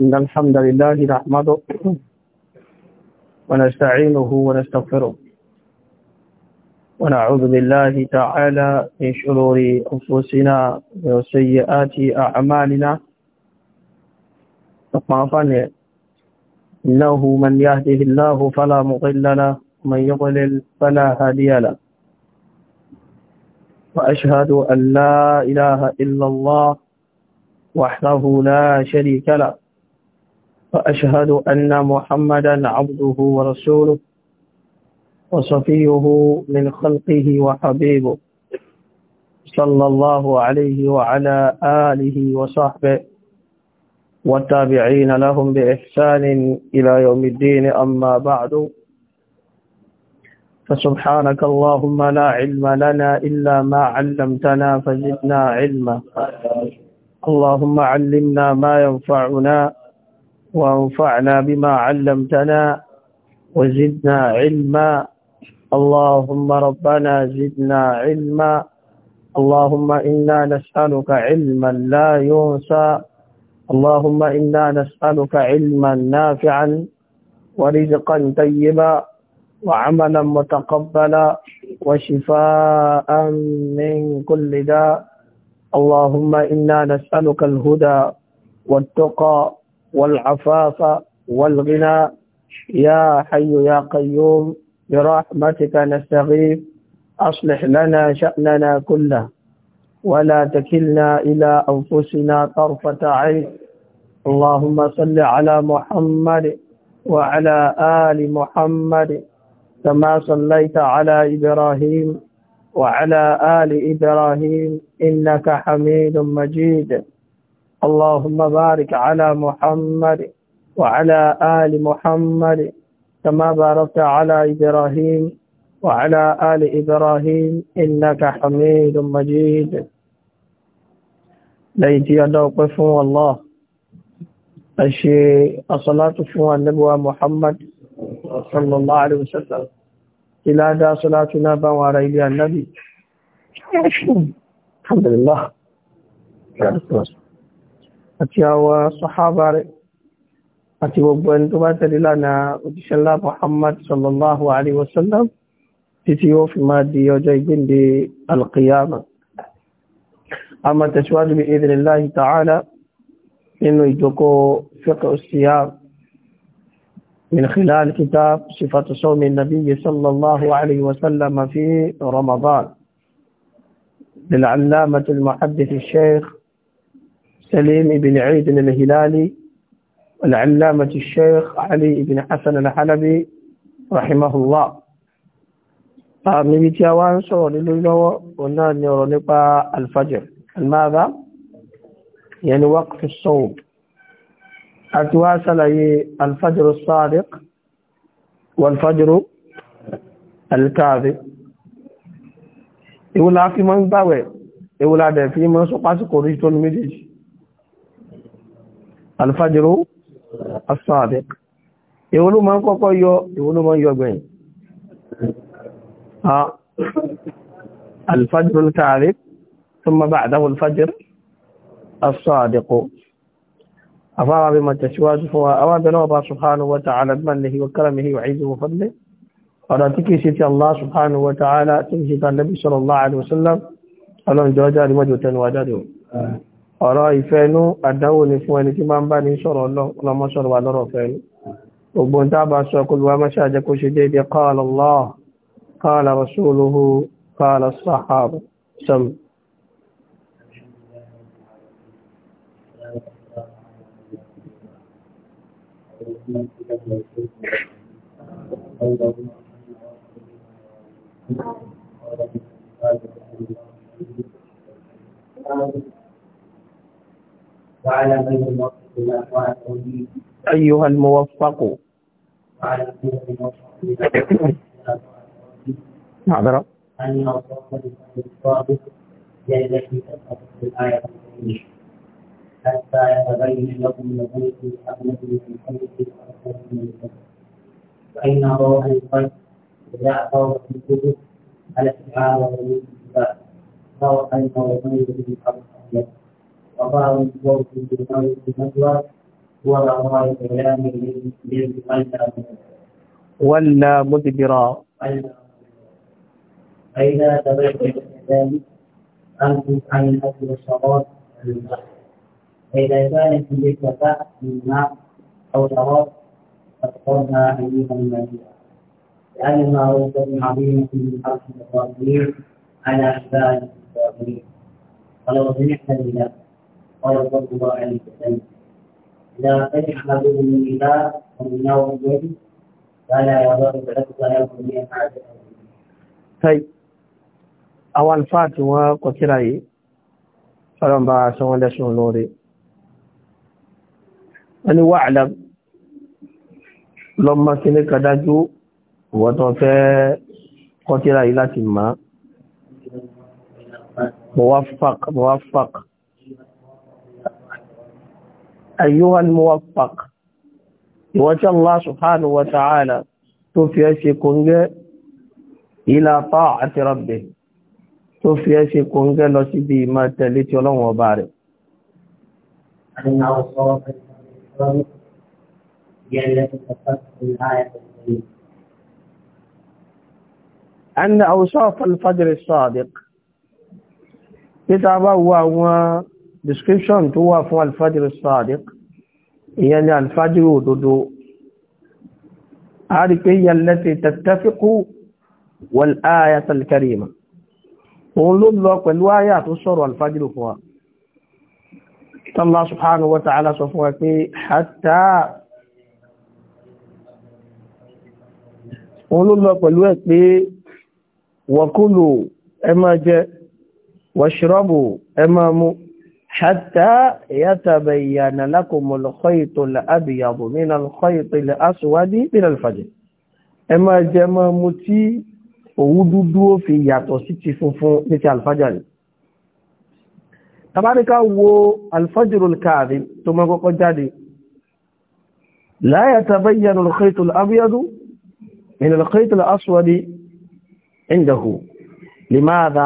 إن الحمد لله نحمده ونستعينه ونستغفره ونعوذ بالله تعالى من شرور أنفسنا وسيئات أعمالنا فقافني إنه من يهده الله فلا مضل له ومن يضلل فلا هادي له وأشهد أن لا إله إلا الله وحده لا شريك له وأشهد أن محمدا عبده ورسوله وصفيه من خلقه وحبيبه صلى الله عليه وعلى آله وصحبه والتابعين لهم بإحسان إلى يوم الدين أما بعد فسبحانك اللهم لا علم لنا إلا ما علمتنا فزدنا علما اللهم علمنا ما ينفعنا وانفعنا بما علمتنا وزدنا علما اللهم ربنا زدنا علما اللهم إنا نسألك علما لا ينسى اللهم إنا نسألك علما نافعا ورزقا طيبا وعملا متقبلا وشفاء من كل داء اللهم إنا نسألك الهدى والتقى والعفاف والغنى يا حي يا قيوم برحمتك نستغيث أصلح لنا شأننا كله ولا تكلنا إلى أنفسنا طرفة عين اللهم صل على محمد وعلى آل محمد كما صليت على إبراهيم وعلى آل إبراهيم إنك حميد مجيد اللهم بارك على محمد وعلى آل محمد كما باركت على إبراهيم وعلى آل إبراهيم إنك حميد مجيد ليتي أدوق فو الله أشي الصلاة فو النبوة محمد صلى الله عليه وسلم إلى دا صلاتنا بوارا إلى النبي الحمد لله àti àwọn sọ́hábà rẹ̀ àti gbogbo ẹni tó bá tẹ̀lé lánàá òjíṣẹ́lá Muhammad sallallahu alaihi wasallam títí yóò fi máa di ọjọ́ ìgbéǹde alqiyama a máa tẹ̀síwájú bí idhnillahi ta'ala nínú ìjókòó fiqh as-siyam من خلال كتاب صفة صوم النبي صلى الله عليه وسلم في رمضان للعلامة المحدث الشيخ سليم بن عيد الهلالي والعلامة الشيخ علي بن حسن الحلبي رحمه الله نبيتي أوان سوري لله ونال نيرو الفجر الماذا يعني وقف الصوم اتواصل اي الفجر الصادق والفجر الكاذب يقول في من باوي يقول هذا في من سوق اس كوريج تول الفجر الصادق يقول من كوكو يو يقول من يو بين ها الفجر الكاذب ثم بعده الفجر الصادق أفاها بما تشواج فوا أوان بنوبا سبحانه وتعالى بمنه وكرمه وعزه وفضله ọ̀rọ̀ tí kìí ṣe ti Allah subhanahu wa ta'ala tí kìí ṣe ta nabi sallallahu alaihi wasallam ọlọ́run jọ jáde mọ́jọ tẹnu wa jáde ọ̀rọ̀ ìfẹ́nú àdánwò ní fún ẹni tí máa ń bá ní sọ̀rọ̀ ọlọ́mọ sọ̀rọ̀ wa lọ́rọ̀ Allah أيها الموفق معذرة نعم أن يوفق للصادق في الآية حتى يتبين لكم الذين في الحمد من الحمد من فإن روح القلب إذا أثر في الكتب على استعارة وجود الكتاب صار أيضا وغير من حق الحياة وقال في الكتاب في النجوى ولا راي كلام الذي ولا مدبرا فإذا تبعت ذلك أنتم عن الأكل والشراب فإذا كان عندك الفتاة من ماء أو شراب أكثرها أيها المدينة لأن رتبة عظيمة من حق الظالمين على عباد الظالمين ولو سمعت بلا قال صلى الله عليه وسلم إذا سمع أحدكم من النساء ومن نوم الجن فلا يضرب حتى يكون من طيب أول فاتوى tí فلما kọ kíra yìí wọ́n ni wà àdám lọ́mọ kíní kadájú wọ́n tó fẹ́ kọtíra yìí láti máa موفق موفق أيها الموفق يوجه الله سبحانه وتعالى توفي شيكونج إلى طاعة ربه توفي شيكونج لو سيدي ما تلت يلون وبارك أن أوصاف الفجر الصادق كتابة وهو description to of الفجر الصادق يعني الفجر ودودو هذه هي التي تتفق والآية الكريمة قولوا الله كل آيات الفجر فوق Allah subhanahu wa ta'ala sọ fún wa pé hatta òun ló lọ pẹ̀lú ẹ̀ pé wakulu ẹ máa jẹ washrabu ẹ máa mu hatta yatabayyana lakumul khaytul abyadu minal khaytil aswadi minal yàtọ̀ sí ti funfun ní ti alfajari tàbáríká wo alfajirul káàrí tó mọ́ kọ́kọ́ jáde láyé tàbáyàn alkhaitul abiyadu min alkhaitul aswadi indahu limáàdá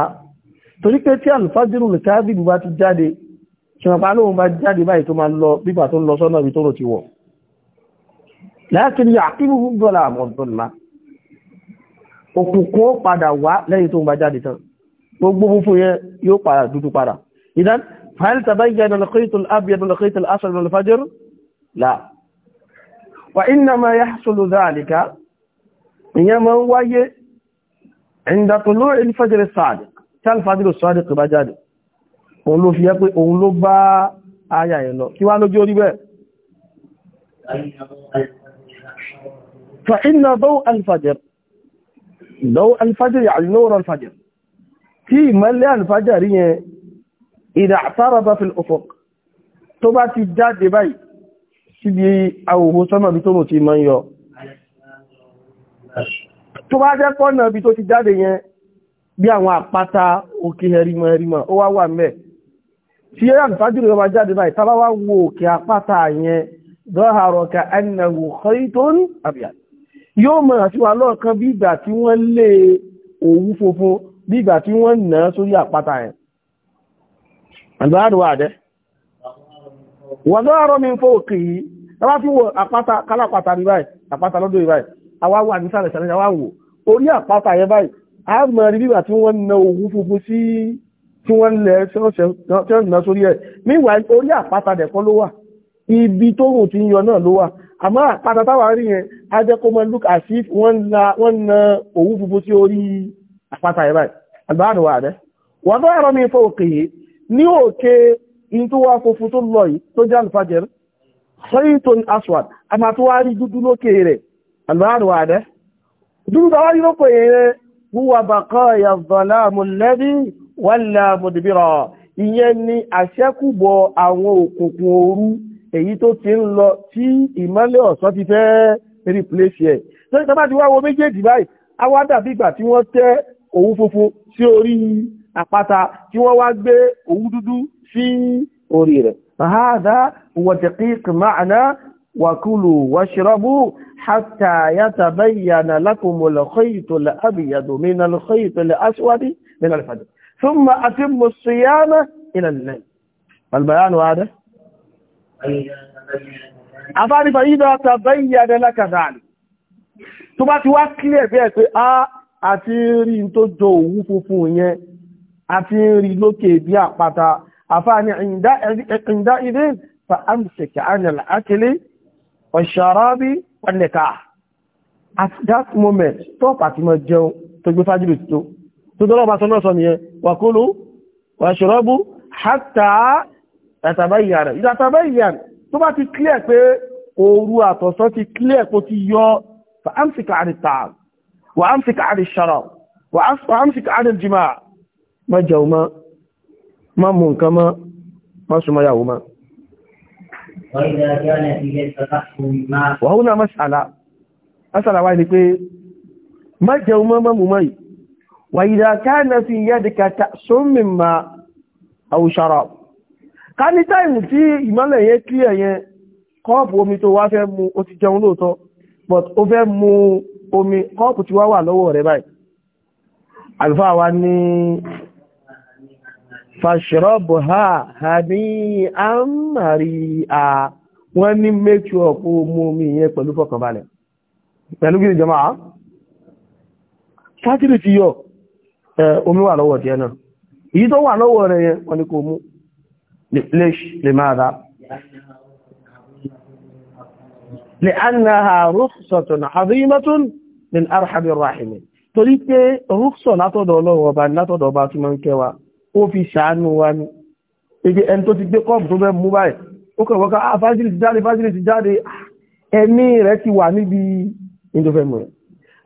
torí pé tí alfajirul káàrí bá ti jáde ṣùgbọ́n lóhun bá jáde báyìí tó máa lọ bípa tó lọ sọ́nà ibi tó rò ti wọ̀ láàkiri àkíbù dọ́là àmọ́dọ́là òkùnkùn wá lẹ́yìn tó ń bá jáde tán gbogbo fúnfún yẹn yóò padà dúdú padà إذا هل تبين لقيت الأبيض الأصل الأسود الفجر؟ لا وإنما يحصل ذلك إنما هو عند طلوع الفجر الصادق فجر الصادق بجد أولو في fi أولو با òun ló bá ayà ẹ̀ فإن ضوء الفجر ضوء الفجر يعني نور الفجر في مليان فجر إذا اعترض في الأفق tó bá ti jáde báyìí síbi àwòwò sọ́nà bí tó mò ti mọ́ yọ tó bá jẹ́ pọ́nà bí tó ti jáde yẹn bí àwọn àpáta òkè ẹ̀rìmọ̀ ẹ̀rìmọ̀ ó wá wà mẹ́ tí yẹ́ àtàjúrò yọba jáde báyìí tàbá wá wo òkè àpáta yẹn dọ́hàrọ̀ ka ẹnàwò khaitun àbíyà albahar wà dẹ́ wọ́dọ́rọ̀ mi fò kì í tàbá tí kala àpáta kálápàtà rí apata àpáta lọ́dọ̀ ìbáyìí awa wà ní sàlẹ̀ sàlẹ̀ àwa wò orí àpáta yẹ báyìí a na funfun sí tí wọ́n lẹ̀ ṣẹ́ọ̀nà sórí ẹ̀ míwà orí àpáta dẹ̀kọ́ ló wa ibi tó rùn ti ń yọ náà ló ama àmọ́ ta táwa rí a look as if won na ògùn funfun si ori apata ní òkè in tó wá funfun tó lọ yìí tó jẹ́ alfajir khaytun aswad a máa tó wá rí dúdú lókè rẹ̀ alwárùwà rẹ̀ dúdú tàwá rí lókè rẹ̀ huwa baqaya dhalamu alladhi walla mudbira ìyẹn ni àṣẹ́kùbọ̀ àwọn òkùnkùn òru èyí tó ti ń lọ tí ìmọ́lẹ̀ ọ̀sán ti fẹ́ replace ẹ̀ lórí tàbá ti wá wo méjèèjì báyìí a ìgbà tí wọ́n tẹ́ òwú funfun sí orí àpáta tí wọ́n wá gbé òwú dúdú sí orí rẹ̀ fàhádá wọ̀tẹ̀kí kìmáàná wàkúlù wàṣírọ́bù hátà yàtàbáyànà lákòmọ̀lẹ̀ kọ́yìtòlẹ̀ àbìyàdòmínàlẹ̀ kọ́yìtòlẹ̀ aṣíwádìí من الفجر ثم أتم الصيام إلى الليل فالبيان هذا أفعل فإذا تبين لك ذلك tó bá ti wá kílẹ̀ bí ẹ̀ pé ah, a àti rí tó jọ òwú funfun a fi ń rí lókè bí àpáta àfáàní ìdá ilé fa amsaka anil akili wa sharabi wa at that moment stop àti mọ jẹun tó gbé fájìlì tó tó dọ́rọ̀ bá sọ́nà sọ nìyẹn wa kulu wa shrabu hatta tatabayyana ìdá tatabayyana tó bá ti clear pé ooru àtọ̀sán ti wa amsaka anil sharab má jẹun má má mú nǹkan má má súnmọ́ yàwó má. wàhún náà mọ́sàlá mọ́sàlá wáyé ni pé má náà fi sharab ká ní táìmù tí ìmọ́lẹ̀ yẹn kí ẹ̀yẹn kọ́ọ̀pù omi tó wá fẹ́ mu ó ti jẹun lóòótọ́ but ó fẹ́ mu omi kọ́ọ̀pù tí wá wà lọ́wọ́ rẹ̀ báyìí àlùfáà wa ní fàṣírọ́bù ha ha ní àmàrí à wọ́n ní mẹ́kí ọ̀pọ̀ mú mi yẹn pẹ̀lú fọkànbalẹ̀ pẹ̀lú gíní jọmọ́ àá sátìrì ti yọ omi wà lọ́wọ́ tí ẹ náà èyí tó wà lọ́wọ́ rẹ̀ yẹn wọ́n ní kò mú lè máa dá lè annaha rúfsọ̀tún àríyímọ́tún min arhamir rahimin torí pé rúfsọ̀ látọ̀dọ̀ ọlọ́wọ́ ọba látọ̀dọ̀ ọba tí ń kẹwàá ó fi ṣàánú wa ni ege ẹni tó ti gbé kọ́ọ̀bù tó fẹ́ mú báyìí ó kàn ká ah fásitì ti jáde fásitì ti jáde ah, ẹ̀mí rẹ̀ ti wà níbi ní tó fẹ́ mú rẹ̀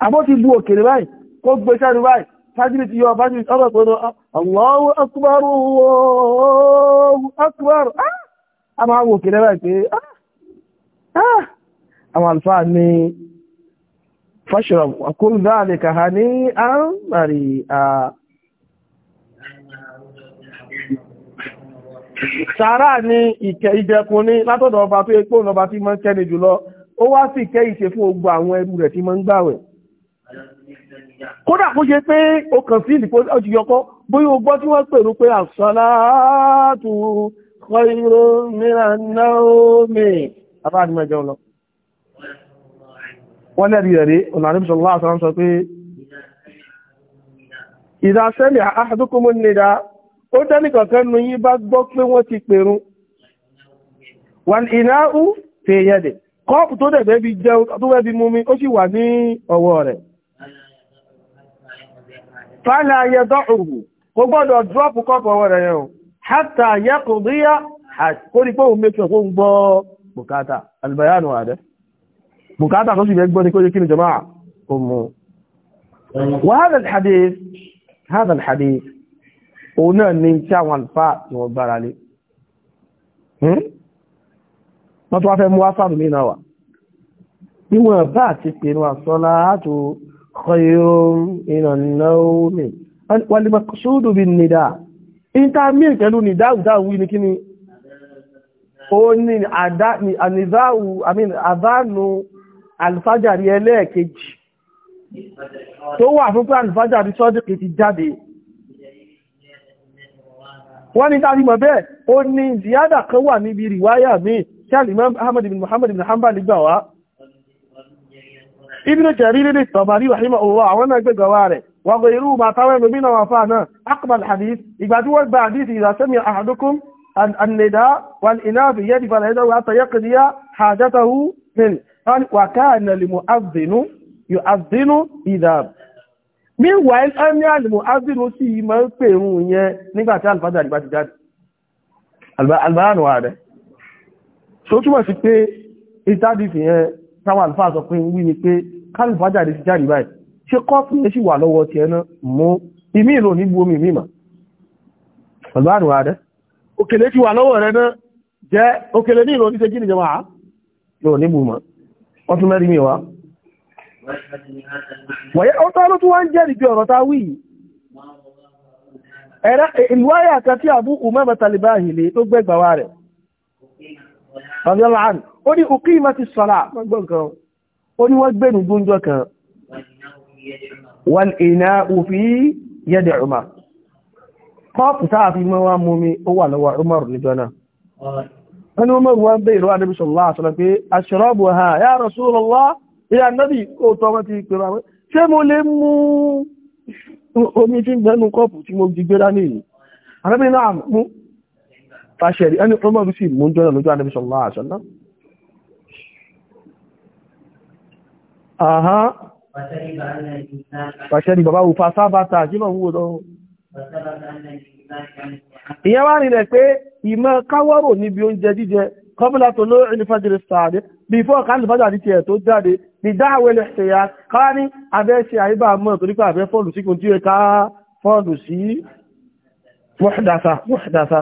àbó ti bu òkèrè báyìí kó gbé sẹ́nu báyìí fásitì ti yọ fásitì ọ̀rọ̀ pé ó Allahu akbar Allahu akbar ah, a máa wo ah, àà sàárà ni ìkẹ́ ìjẹkùn ní látọ̀dọ̀ ọba tó epo ọba tí máa ń kẹ́ni jùlọ ó wá sì kẹ́ ìṣe fún gbogbo àwọn ẹrú rẹ̀ tí máa ń gbàwẹ̀ kódà kó ṣe pé o kàn sí ìdìpọ̀ ọjìyọkọ́ bóyá o gbọ́ tí wọ́n pèrú pé àṣàlátù kọ́ìrò mìíràn náà mi àbáàdìmọ̀ ẹjọ́ lọ wọ́n lẹ́rí ẹ̀rí ọ̀nà àríbìsọ̀lá ó dánìkọ̀ọ̀kan nu yín bá gbọ́ pé wọ́n ti pèrún wọn ìnáhù fi yẹ́dẹ̀ kọ́ọ̀pù tó dẹ̀ bẹ́bí jẹun tó bẹ́bí mú mi ó sì wà ní ọwọ́ rẹ̀ fàálà ayẹ́dọ́ òhù kò gbọ́dọ̀ drọ́pù kọ́ọ̀pù ọwọ́ rẹ̀ yẹn o hátà yẹ́kùn ríyá àkórípò mẹ́fẹ́ fún gbọ́ bùkátà albayanu hadith òun náà ní tí àwọn àlùfáà tí wọ́n gbára lé hmm? wọ́n tó wá fẹ́ mú wá sáàrù mí náà wà níwọ̀n bá àti pèrò àsọ́lá àtò khayrun ìrànlọ́wọ́mì wal maqsudu bin nida intermil pẹ̀lú nìdáhùdáhù ní kíni ó ní ànídáhù àdánù alfajari ẹlẹ́ẹ̀kejì tó wà fún pé alfajari sọ́dìkì ti jáde wọ́n ní tàbí mọ̀ bẹ́ẹ̀ ó ní ziyada kan wà níbi riwaya mi tí al-imam ahmad ibn muhammad ibn hanbal gbà wá ibn jarir ní tabari rahimahullah àwọn náà gbẹ̀gbẹ̀ rẹ̀ wà gbẹ̀ irú ma táwọn ẹnu bínú wọn meanwhile amiral muhaziru sì máa ń pe ń yẹn nígbà tí alifájà àdìbá ti jáde alibáyánu ààrẹ tó túmọ̀ sí pé ìtàdí fi yẹn táwọn alifá sọ pé wí ni pé kálífájà àdìbá ti jáde báyìí ṣé kọ́ọ̀pù yẹn sì wà lọ́wọ́ tiẹ̀ náà mú ìmí ìlò ní bu omi ìmí mà alibáyánu ààrẹ òkèlè ti wà lọ́wọ́ rẹ náà jẹ́ òkèlè ní ìlò oníṣẹ́ kí ni jẹ́ wà á lò ní bu mọ́ wọ́n tún mẹ́rin mi wá ọ̀tọ́lọ́ tó wá ń jẹ́rìí bí ọ̀rọ̀ táwí ẹ̀rẹ́ ìwáyà kan tí Abu Umama Al-Bahili tó gbẹ́gbàwà rẹ̀ radiyallahu anhu ó ní uqimati s-salah ó ní wọ́n gbẹ̀nù gúnjọ kan wal ina'u fi yadi Umar kọ́ọ̀pù táà fi mọ́ wá mú mi ó wà lọ́wọ́ Umar níjọ náà ìyá nábì òótọ́ wọn ti pèrò àwọn ṣé mo lè mú omi tí ń gbẹ́nu kọ́ọ̀pù tí mo jí gbéra ní ìlú àrẹ́bí náà mú fàṣẹ̀rí ẹni ọmọ bí sì mú jọ́nà lójú ànábì sallallahu alaihi wasallam àhá fàṣẹ̀rí bàbá wù fàṣábàtà kí mọ̀ wúwo lọ ìyẹn wá rí rẹ̀ pé ìmọ̀ káwọ́rò níbi oúnjẹ jíjẹ kọ́bùlá tó ló ìlúfàjìrì sàárè bífọ́ káàlì fàjà àti tiẹ̀ tó jáde ní dáhàwẹ́lẹ̀ ṣẹ̀yà káà ní abẹ́ ṣe àyíbá mọ́ torí pé àbẹ́ fọ́ọ̀lù síkùn tí ó ká fọ́ọ̀lù sí muhdasa muhdasa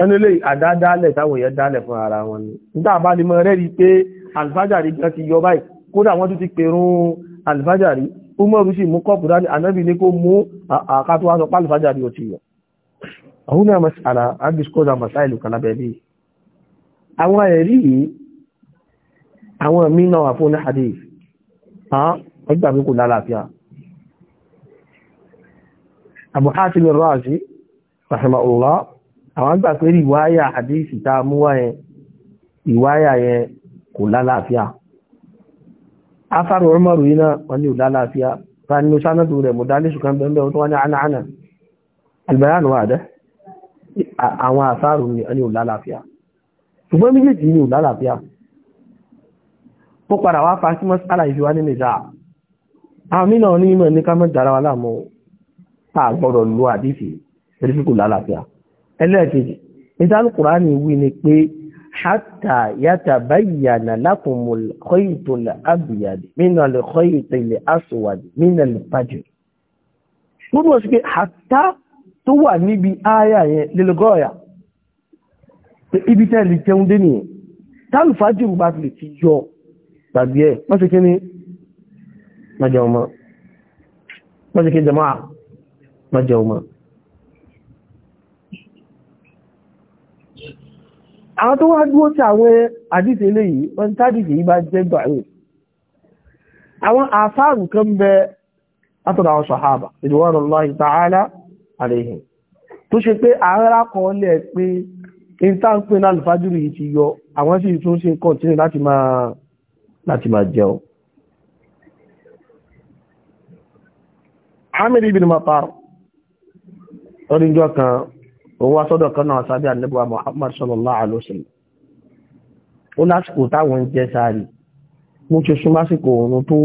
ẹni lè àdádálẹ̀ táwọn èèyàn dálẹ̀ fún ara wọn ni nígbà bá ní mọ́ rẹ́rí pé alfajari gan ti yọ báyìí kódà wọ́n tún ti pèrún alfajari umaru sì mú kọ́pù dání anábì ní kó mú àkátó wá sọ pálífàjari ò ti yọ هنا مسألة عندي كذا مسائل كلابي àwọn ẹ̀rí yìí àwọn mínà wà fún hadith ha ẹgbà mí kò lálàáfíà Abu Hatim ar-Razi rahimahullah àwọn gbà pé ìwáyà hadith ta múwá yẹn ìwáyà yẹn kò lálàáfíà afárò Umaru yìí náà wọ́n ní ò lálàáfíà ta ni ó sánàdù rẹ̀ mọ̀dálẹ́sù kan bẹ̀rẹ̀ tó wá ní àná àná albayan wà dẹ́ àwọn àsáàrù ní ò lálàáfíà ṣùgbọ́n méjèèjì ní ò lálàáfíà ó padà wá fa sí mọ́sálà ìfíwá ní nìta àmìnà onímọ̀ ní kámọ́ dára wa láàmú àgbọ̀rọ̀ lu àdífì eréfíkù lálàáfíà ẹlẹ́ẹ̀kejì ìdánù kùránì wí ni pé hátà yàtà gbogbo sí pé hátà tó wà níbi ááyà yẹn lélọ́gọ́ọ̀yà ibi tẹ́lì jẹun dé nìyẹn tálùfájìrù bá lè ti yọ gbàgbé ẹ̀ wọ́n ṣe kí ní májẹ̀ọ́mọ́ wọ́n ṣe kí jẹmọ́ májẹ̀ọ́mọ́ àwọn tó wá dúró tí àwọn àdíṣe léyìí wọ́n tádìṣe yìí bá jẹ́ gbàrẹ̀ àwọn àfáàrù kan bẹ látọ̀dọ̀ àwọn sàhábà ìdíwọ́n Allah ta'ala àrẹ̀hìn tó ṣe pé àárá kan lẹ̀ pé intanpe náà lùfájúrù yìí ti yọ àwọn sì tún ṣe kọ̀tínú láti máa láti máa jẹun Amir ibn Matar ọdínjọ́ kan òun wá sọ́dọ̀ kan náà sábẹ́ ànẹ́bùwà Muhammad sallallahu alaihi wasallam ó lásìkò táwọn ń jẹ sààrì mú ṣe súnmásìkò òun tó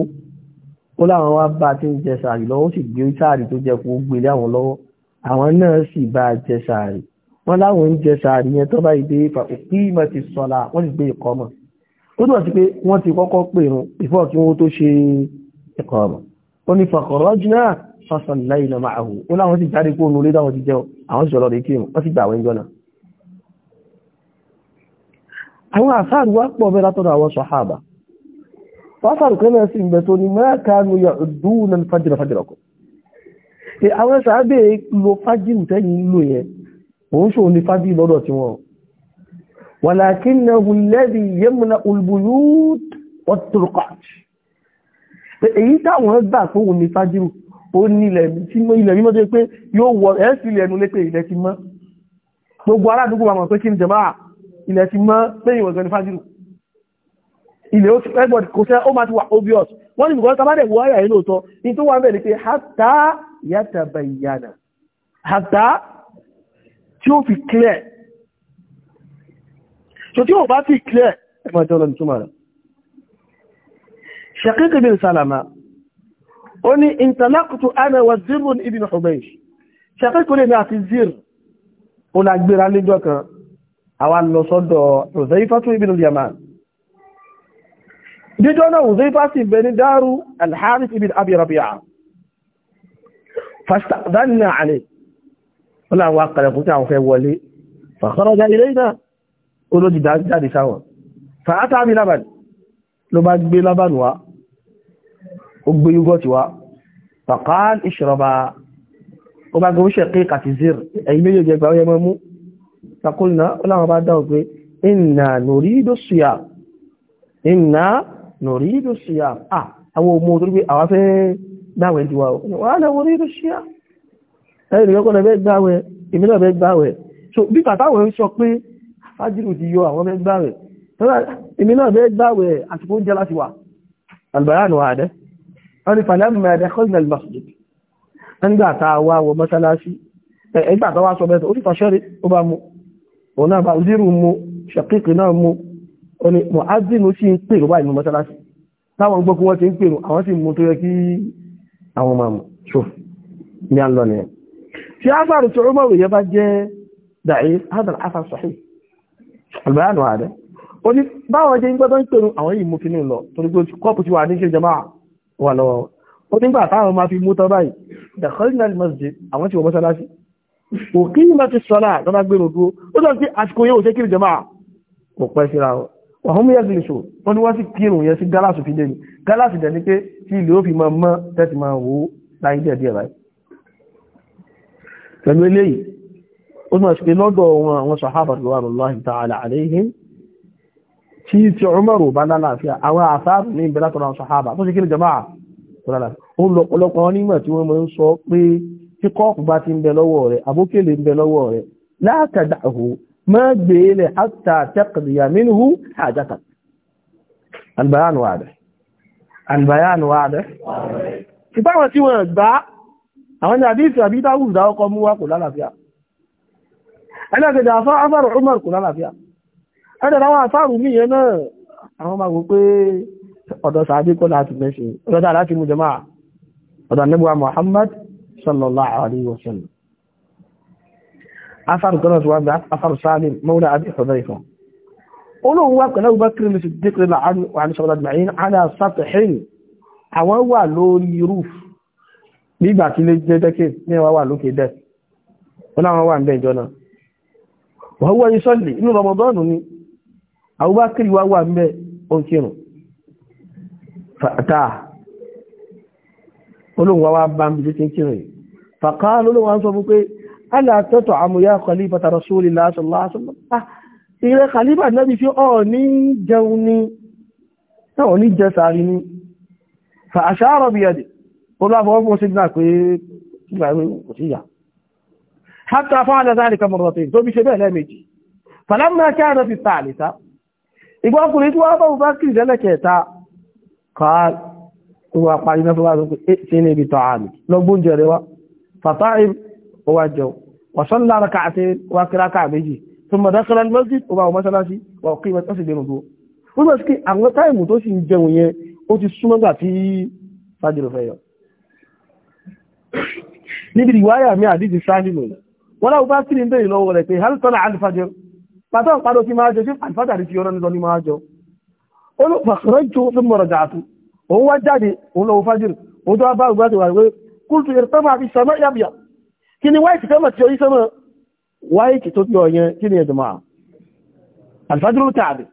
ó láwọn wá bá tí ń jẹ sààrì lọ́wọ́ sì gbé sààrì tó jẹ kó gbélé àwọn lọ́wọ́ àwọn náà sì bá jẹ sàárì wọ́n láwọn ń jẹ sàárì yẹn tó bá ìdé ìfàkùkí ìmọ̀ ti sọ́la wọ́n ti gbé ìkọ́ mọ̀ ó túnbọ̀ sí pé wọ́n ti kọ́kọ́ pè rún before kí wọ́n tó ṣe ẹ̀kọ́ mọ̀ ó ní fàkọ̀rọ̀ jìnnà sọ́sàn láìlọ máa hù ó láwọn sì jáde kó nulẹ̀ dáwọn ti jẹun àwọn sì lọ́ọ́ kí wọ́n sì gbà wọ́n jọ àwọn àsáàrù wá pọ̀ bẹ́ẹ̀ látọ̀dọ̀ àwọn sọ̀háàbà wọ́n sàrù kan náà tó ní mẹ́ẹ̀kánu yà dúnà fàjìrà fàjìrà àwọn sàábẹ̀ lo fájìlù tẹ́yìn lò yẹn òun ṣò ní fájìlù lọ́dọ̀ tí wọ́n walakinnahu alladhi yamna'u al-buyut wat-turqat èyí táwọn gbà fún òun ní fájìlù ó ní ilẹ̀ mímọ́ tó pé yóò wọ ẹ̀ẹ́sì ilẹ̀ ẹnu lé pé ilẹ̀ ti mọ́ gbogbo aládùúgbò wa mọ̀ pé ẹgbọ̀n kò sẹ́ ó máa ti wà obvious wọ́n ní bùkọ́ tábàdẹ̀ wọ́ ẹ̀yà yìí lóòótọ́ ní tó wà ń bẹ̀ ni pé hátà يتبين حتى تشوف كلير شوفوا بقى في كلير ما تقول انتم انا شقيق بن سلامه اني انطلقت انا وزر ابن حبيش شقيق لي في الزر ولا كبير علي جوكا او ان صد حذيفه ابن اليمان دي جونا حذيفه في بني دار الحارث ابن ابي ربيعه fásità dánilá àlè ó láwọn akàlẹ̀kùn tí àwọn fẹ́ wọlé fàkọ́rọ́jà ilé náà olódi jáde sáwọn fàátà àbí lábàdì ló bá gbé lábàdì wá ó gbé yúgọ́tì wá fàkán ìṣọ̀rọ̀bà ó bá gbé ó ṣẹ̀kí kàtìzír ẹ̀yìn méjèèjì ẹgbà ó yẹ mọ́ mú gbáwẹ̀ ti wà ó wà lẹ́wọ́ rí rúṣíà ẹ̀rìn ọkọ̀ lẹ́bẹ̀ gbáwẹ̀ èmi náà bẹ́ gbáwẹ̀ so bí kàtàwẹ̀ ń sọ pé fájírù ti yọ àwọn bẹ́ gbáwẹ̀ èmi náà bẹ́ gbáwẹ̀ àsìkò oúnjẹ láti wà albayan wà dẹ́ wọ́n ni fanam mẹ́rẹ̀ kọ́sìnà masjid nígbà tá a wá wọ mọ́sálásí ẹgbà tó wá sọ bẹ́ẹ̀ ó sì fàṣẹ́rì ó bá mu òun náà bá zírù mu ṣàkíkì náà mu ó ní mọ̀ á dínú sí ń pè ló bá ìmú mọ́sálásí táwọn gbọ́ kí wọ́n ti ń pè àwọn sì mú tó yẹ kí àwọn ọmọ ṣòf ní àlọ́ ni tí a sáàrù tí ó mọ̀rù yẹ bá jẹ́ dàí hadal afa sahih albayanu ààrẹ o ní báwọn jẹ́ gbọ́dọ̀ ń pẹ̀lú àwọn yìí mú fi ní lọ torí pé kọ́pù ti wà ní ṣe jama wà lọ́wọ́ ó ní gbà táwọn máa fi mú tọ́ báyìí dakhalna al masjid àwọn tí wọ́n mọ́sálásí òkè yìí máa ti sọ́lá lọ́dá gbèrò dúró ó dọ̀ sí àsìkò yóò ṣe kiri jama kò pẹ́ síra wọn wọ́n mú yẹ́gìlì ṣò wọ́n ni wọ́n sì kírun yẹ sí gálàsì fi dé ní gálàsì dẹ̀ ní pé tí ilé ó fi máa mọ́ tẹ́tì máa wò ó láyé díẹ̀ díẹ̀ báyìí pẹ̀lú eléyìí ó sì máa ṣe pé lọ́dọ̀ wọn àwọn sàhábà lọ́wọ́ àrùnláhì tààlà àléhìn tí ti Umaru bá rẹ̀ àbókèlè ń ما بيله حتى تقضي منه حاجتك البيان واضح البيان واضح ìbá wọn tí wọ́n gbá àwọn ni àdíṣì àbí dáwùs dáwọ́kọ́ mú wá kò lálàáfíà ẹlẹ́gẹ̀dẹ̀ àfáàrù Umar kò lálàáfíà ẹ̀dẹ̀ láwọn àfáàrù mí yẹn náà àwọn máa wò pé ọ̀dọ̀ sàábí kọ́ láti mẹ́sìn ọ̀dọ̀ láti mú afáàrù gọ́nà tó wá bá afáàrù sáàlìm mọ́wúlá àbí ìfọ̀dọ́ìfọ̀ olóhun wá pẹ̀lú bákìrì ní sídíkìrì láàrín ṣọ́lá jùmọ̀yìn àdá sátẹ̀hìn àwọn wà lórí rúf nígbà tí lè jẹ́ dẹ́kẹ́ ní ẹwà wà lókè dẹ́ wọ́n láwọn wà ń bẹ́ ìjọ náà wọ́n wọ́n yí sọ́lì inú rọmọdọ́nù ni àwúbákìrì wá wà ń bẹ́ òǹkìrùn fàtà olóhun wá wá bá ń bí alàtọ́tọ̀ àmúyá kọlíbàtà rasúlì lásọ̀lásọ̀lá ah, ìrẹ́ kàlíbà náàbí fi ọ̀ ní jẹun ní náà ní jẹ sàárì ní fa àṣàrọ̀ bí ẹ̀dẹ̀ olúwàfọwọ́fún sígbà pé gbàgbé kò sí yà hátà fún àdáta nìkan mọ̀rọ̀tẹ̀ tó bí ṣe bẹ́ẹ̀ lẹ́ẹ̀mejì fàlámà kẹ́rọ fi ta àlìta ìgbà ọkùnrin tí wọ́n bá bá kìrì tẹ́lẹ̀ kẹta kàá wà parí náà fún wa lọ́gbóúnjẹ rẹ wa fàtà ó wá jẹun wàsán lára ká àti wá kíra ká méjì tó mọ̀ dákàrà lọ́sí ó bá wọ mọ́sálásí wà kí wọ́n sì gbẹ̀rùn dúró ó gbọ́ sí àwọn táìmù tó sì ń jẹun yẹn ó ti súnmọ́ gbà tí sájìrò fẹ́ yọ níbi ìwáyà mi àdíjì sájìrò wọ́n láwọ́ bá sí ní bẹ́ẹ̀ lọ́wọ́ rẹ̀ pé halitọ́lá alifajẹ́ pàtó ìpàdó tí máa jẹ sí alifajẹ́ àti yọrọ kí ni wáìtì fẹ́mọ̀ tí ó yí sọ́mọ̀ wáìtì tó yọ yẹn kí ni ẹ̀dùnmọ́ alfajirun tààdì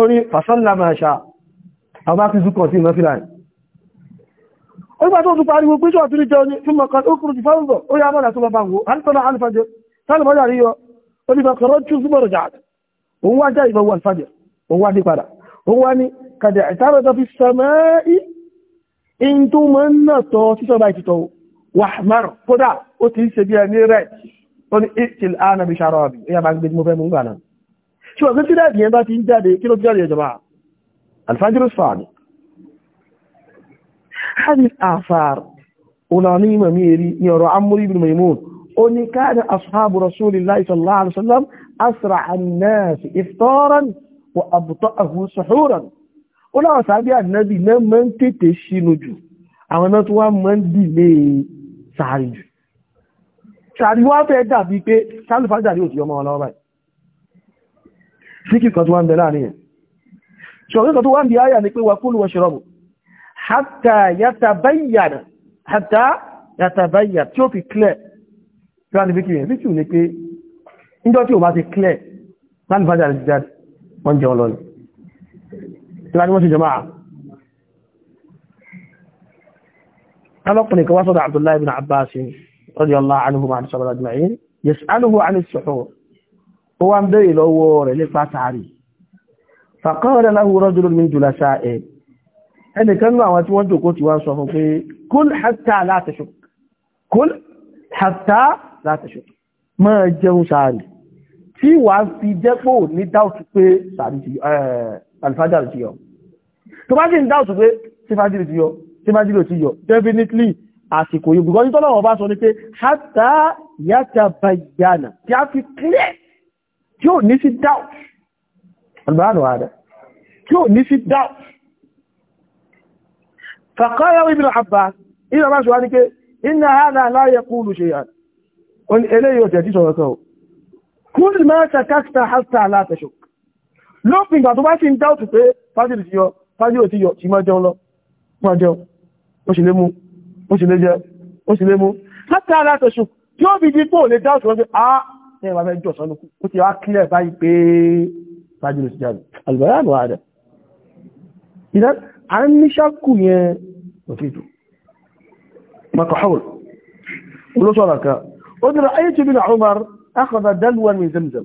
ó ní fasalla máa ṣá àwọn akí zukọ̀ sí iná fílà ó gbà tó tún pariwo pé ṣọ́ àtúrí jẹun ní túnmọ̀ kan ó kúrò jù fáwọ́ ó yá mọ́lá tó bá bá wò alifọ́nà alifajir wàhmar kódà ó ti ń ṣe bí ẹni rẹ̀ ó ní ìtìl ánà bí ṣàrọ̀ àbí ẹ̀yà máa ń gbé mo fẹ́ mú gbà náà ṣe wọ́n tí rẹ̀ yẹn bá ti ń jáde kí ló ti jáde ìjọba alfajirus fàánù hadith afar ulani mami eri ni ọ̀rọ̀ amúrí ibn maimun ó ní káàdà ashabu rasulillahi sallallahu alaihi àwọn náà tó wá máa ń dìlé e sàárì jù sàárì wá fẹ́ dàbí pé sálùfájà ní òtí ọmọ ọlọ́wọ́ báyìí síkì kan tó wá ń bẹ láàrin yẹn ṣọ̀rọ̀ kan tó wá ń bí áyà ní pé wà kúlù wọ́ṣọ́rọ̀bù hátà yàtàbáyàdà hátà yàtàbáyà tí ó ọlọ́pìnrin kan wá sọ́dọ̀ abdullahi ibn abbas radiyallahu anhu ma sọ́rọ̀ ajma'in yas'aluhu an as-suhur ó wá ń bèèrè lọ́wọ́ rẹ̀ nípa sàárì faqala lahu rajulun min julasa'i ẹnìkan náà àwọn tí wọ́n jòkó ti wá sọ fún pé kul hatta la tashuk kul hatta la tashuk máa jẹun sàárì tí wàá fi jẹ́pò ní dáùtù pé sàárì ti yọ eh, alifájà ti yọ tó bá sì ń dáùtù pé sífájì ti yọ tí ti yọ definitely àsìkò yìí bùkọ́ nítọ́lọ̀ wọ́n bá sọ ní pé hátà yàtà bàyànà tí a fi clear tí ò ní sí doubt albánu ààrẹ tí ò ní sí doubt fàkọ́yàwó ibn Abbas ìrọ̀ bá sọ wá ní pé iná hádà láyẹ kúrù ṣe yà eléyìí ò tẹ̀tí sọ̀rọ̀ sọ̀rọ̀ kúrù máa ṣàkásítà hátà látẹ̀ṣọ́ lópin ìgbà tó bá yọ fájìlì máa jẹun lọ máa jẹun ó sì lé mú ó sì lé jẹ ó sì lé mú láti ara tẹ̀sùn tí ó fi di pò lè dá òṣùwọ́n pé a ah, ní ẹ̀wà fẹ́ jọ sọ́nù ó ti wá kílẹ̀ báyìí pé sáájú lè ṣìjáde alùbáyà nù ààrẹ ìdá a ń ní ṣákù yẹn òtítù makahol olóṣọ́rọ̀ kan ó dìrò ayé tí bin Umar akọ̀dà dalwan min zamzam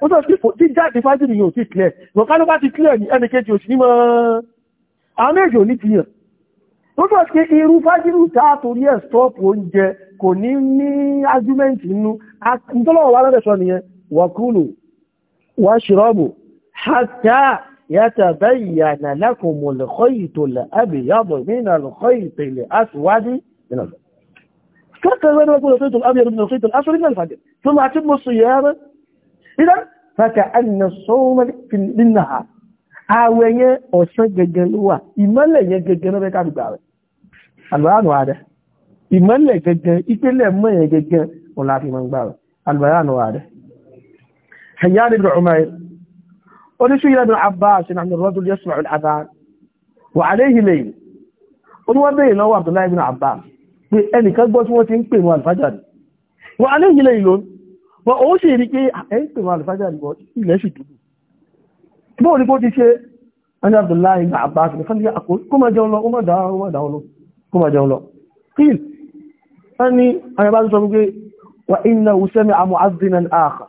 ó sọ pípò tí jáde fájìrì yóò ti clear lọ́ká ló bá ti clear ní ẹnìkejì òsì ní mọ́ àwọn méjì ò ní ti yàn ó sọ pé irú fájìrì táà torí ẹ̀ stop oúnjẹ kò ní ní argument inú àtúntọ́lọ́wọ́ wa lọ́dẹ̀ sọ nìyẹn wàkúlù wàṣírọ́bù hatta yatabayyana lakumul khaytul abyadu minal khaytil aswadi minal kọ́kọ́ ìwé ni wọ́n kúrò khaytul abyadu minal khaytil aswadi minal fajr thumma atimmu siyama idan fàkà ànà sọ́wọ́mọ́ nínú ha àwẹ̀ yẹn ọ̀sán gẹ́gẹ́ ló wà ìmọ́lẹ̀ yẹn gẹ́gẹ́ ló bẹ́ ká gbà rẹ̀ alùbárànù ààrẹ ìmọ́lẹ̀ gẹ́gẹ́ ìpínlẹ̀ mọ́ yẹn gẹ́gẹ́ òun láti mọ́ gbà rẹ̀ alùbárànù ààrẹ hayyan wọ́n ó sì rí pé ah, ẹ̀yìn pẹ̀lú alùfájà nìkan ilẹ̀ sì dúdú bóò ní kó ti ṣe ẹni Abdullahi ibn Abbas ní fún ìyá kó máa jẹun lọ kó máa dáhùn lọ kó máa jẹun lọ kíl wọ́n ní àwọn ìbá sọ wípé wà iná usẹ́mi àmọ́ azina àkà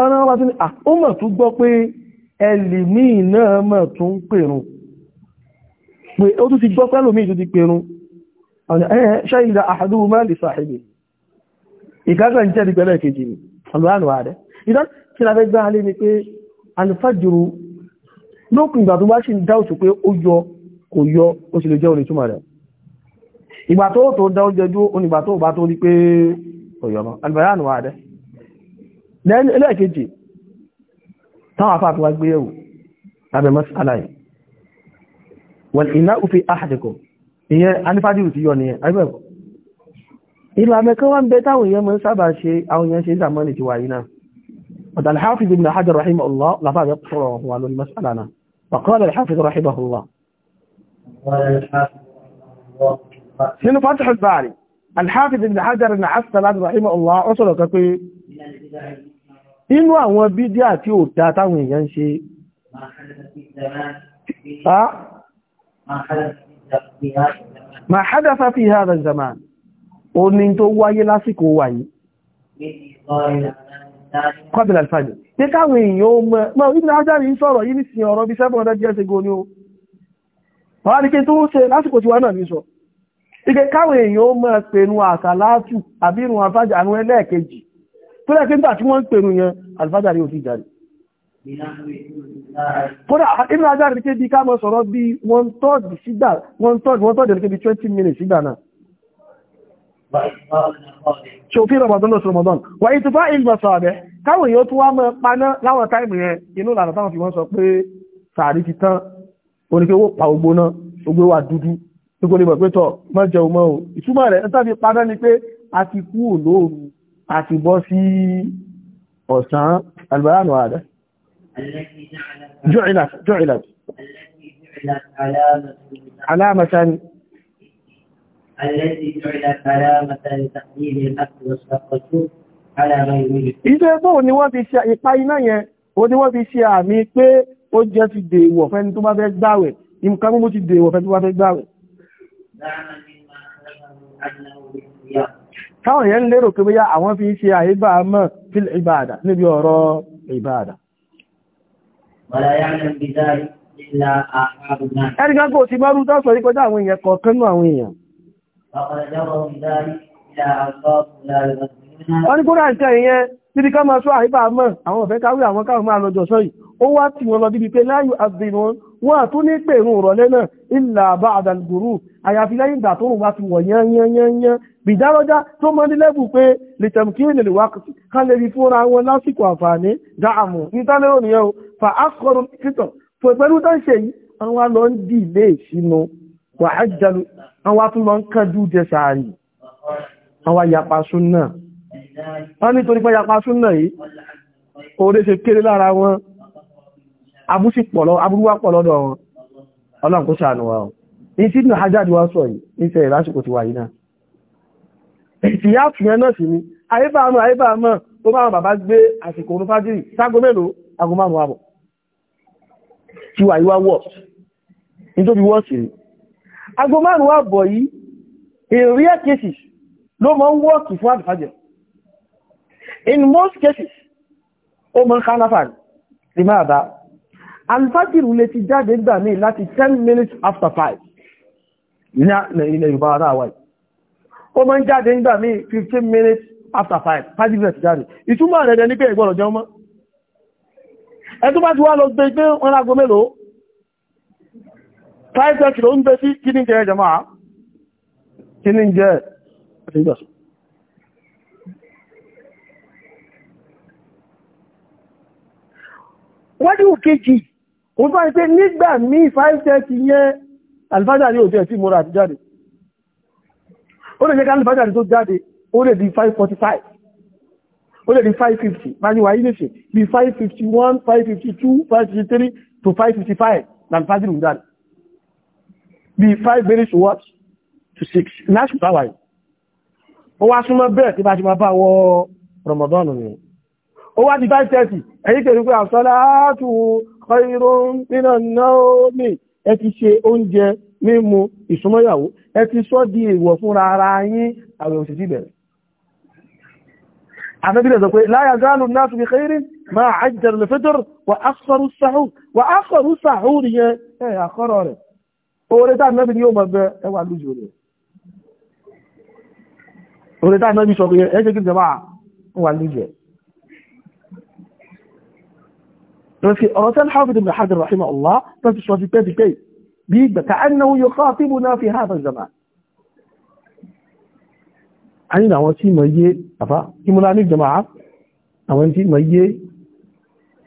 ẹran wọn bá tún ní àkómọ̀ náà mọ̀ tó pèrún pé ó tún ti gbọ́ pẹ́lòmíì tó ti pèrún ṣáyìdá àhàdúhùmá lè sàhìbì ìkágbà ń jẹ́rìí pẹ̀lú ìkejì ni ọlọ́run ààrẹ ìdán tí a fẹ́ gbá alé ni pé alifájòrò lókùn ìgbà tó bá ṣì ń dá òṣù pé ó yọ kò yọ ó sì lè jẹ́ onítúmọ̀ rẹ̀ ìgbà tó tó dá oúnjẹ dúró onígbà tó bá tó rí pé ọ̀yọ̀mọ́ alifájòrò ti yọ nìyẹn àbẹ́bọ̀ ìlànà kan wá ń bẹ táwọn èèyàn mọ́ sábà ṣe àwọn èèyàn ṣe ìzàmọ́nì ti wà yìí náà ọ̀dà alhafiz ibn hajar rahimahullah lafáàbẹ̀ sọ̀rọ̀ wà lórí masala náà faqala alhafiz rahimahullah sínú fatih al-bari alhafiz ibn hajar na asalad rahimahullah ó sọ̀rọ̀ kan inú àwọn bídíà tí ó dá táwọn èèyàn ṣe ma hadatha fi hadha zaman ó ní tó wáyé lásìkò wà yìí kọ́bìlà ìfàjì pé káwọn èèyàn ó mọ́ mọ́ Ibn Hajar ń sọ̀rọ̀ yìí sí ọ̀rọ̀ bí 700 years ago ni ó wọ́n ní kí tó ṣe lásìkò tí wọ́n náà ní sọ ike káwọn èèyàn ó mọ́ pẹ̀lú àsàlátù àbírùn alfájà àwọn ẹlẹ́ẹ̀kejì tó rẹ̀ pé nígbà tí wọ́n ń pẹ̀lú yẹn alfájà rí òfin jàre kódà Ibn Hajar rí kébi ká mọ́ sọ̀rọ̀ bí wọ́n tọ́ọ̀dì sígbà minutes sígbà náà ṣòfin Ramadan lọ́sí Ramadan wà ìtùfà ìgbọ̀sọ̀ àbẹ́ káwọn èèyàn tó wá mọ́ paná láwọn táìmù yẹn inú lànà táwọn fi wọ́n sọ pé sàárì ti tán oníkewó pa ogbó náà ogbó wà dúdú gbogbo nígbà pé tọ́ mọ́ jẹun mọ́ o ìtumọ̀ rẹ̀ ń tàbí paná ni pé a ti kú òlóòrù a ti bọ́ sí ọ̀sán albaranu àdá jọ́ ìlà alámàtà ni التي جعلت علامة لتحويل الأكل والصفقة على غيره. إذا هو وفي شيء قاينة ó ní wọ́n fi ṣe àmì pé ó jẹ́ ti dèèwọ̀ fẹ́ni tó bá fẹ́ gbàwẹ̀ nǹkan mú ti dèèwọ̀ fẹ́ni tó bá fẹ́ gbàwẹ̀. káwọn yẹn ń lérò pé bóyá àwọn fi ṣe àyíbá mọ̀ fíl ìbàdà níbi ọ̀rọ̀ ìbàdà. ẹnìkan kò ti bá rú tó sọ yí kọjá àwọn èèyàn kọ̀ọ̀kan nú àwọn èèyàn wọ́n ní kó rà ìtẹ́ ìyẹn títí ká máa sọ àìbá mọ́ àwọn ọ̀fẹ́ káwí àwọn káwọn máa lọ jọ̀sọ́ yìí ó wá tí wọ́n lọ bíbi pé láyù àbìnrin wọ́n àtún ní pèrún ìrọ̀lẹ́ náà ìlà àbá àdàlùgbòrò àyàfi lẹ́yìn ìgbà tó rùn bá ti wọ̀ yányányányán bìdárọ́já tó mọ́ ní lẹ́bù pé lìtẹ̀mkí ìlèlè wá ká lè rí fúnra wọn lásìkò àǹfààní dáàmù ìtàlérò nìyẹn o fa akọrùn títọ̀ pẹ̀lú tó ń ṣe yìí àwọn alọ́ ń dì ilé ìsinú wà ájẹ́lú àwọn atúnlọ ń kẹjú jẹ sàárì àwọn yapa súnnà wọ́n ní torípẹ́ yapa súnnà yìí oore ṣe kéré lára wọn abúsí pọ̀lọ́ abúrúwá pọ̀lọ́dọ̀ wọn ọlọ́nkó wa ọ̀ ní tí náà hajjáde wá ní tẹ́ ìlásìkò ti yìí agbó márùn-ún àbọ̀ yìí in rare cases ló mọ́ ń wọ́ọ̀kì fún àdìfàjẹ̀ in most cases ó mọ́ ń kánáfàrí lè máa bá alifájìrù lè ti jáde gbà ní láti 10 minutes after 5 ilẹ̀ yorùbá ara wáyé ó mọ́ ń jáde gbà ní 15 minutes after 5 fájìrù lè ti jáde ìtumọ̀ rẹ̀ ní pé ìgbọ́rọ̀ jẹun mọ́ ẹ tó bá ti wá lọ gbé wọn lágbo mélòó táìsẹ̀kì ló ń bẹ sí kí ní jẹ́ ẹjẹ̀má kí ní jẹ́ ẹjẹ̀sùn wọ́n díwò kejì òun bá ń pé nígbà mí fáìsẹ̀kì yẹn alifájà ní òjò ẹ̀tí mọ́ra àti jáde ó lè jẹ́ ká alifájà tó jáde ó lè di 545 ó lè di 550 máa ní wà ilé ṣe bí 551 552 553 to 555 na alifájì lùn jáde bí 5 minutes to what? to 6 láṣù táwà yìí ó wá súnmọ́ bẹ́ẹ̀ tí bá ti máa bá wọ Ramadan ni ó wá di 5:30 ẹ̀yí tẹ̀lú pé as-salatu khayrun minan nawmi ẹ ti ṣe oúnjẹ mímu ìsúnmọ́yàwó ẹ ti sọ́ di èèwọ̀ fúnra ara yín àwẹ̀ òsì ti bẹ̀rẹ̀ àfẹ́bílẹ̀ sọ pé la yazalu an-nasu bi khayrin ma ajjala al-fitr wa akhkharu as-sahur wa akhkharu as-sahur yẹn oore tá náà bí yóò mọ̀ bẹ ẹwà lójú rẹ̀ oore tá náà bí هذا pé ẹ ṣe kí ìjọba wà lójú ẹ̀ في أرسل الحافظ بن حجر رحمه الله تنسوا في بيت كي بيجب كأنه يخاطبنا في هذا الزمان أين هو شيء مية أفا إمناني الجماعة أو أنت مية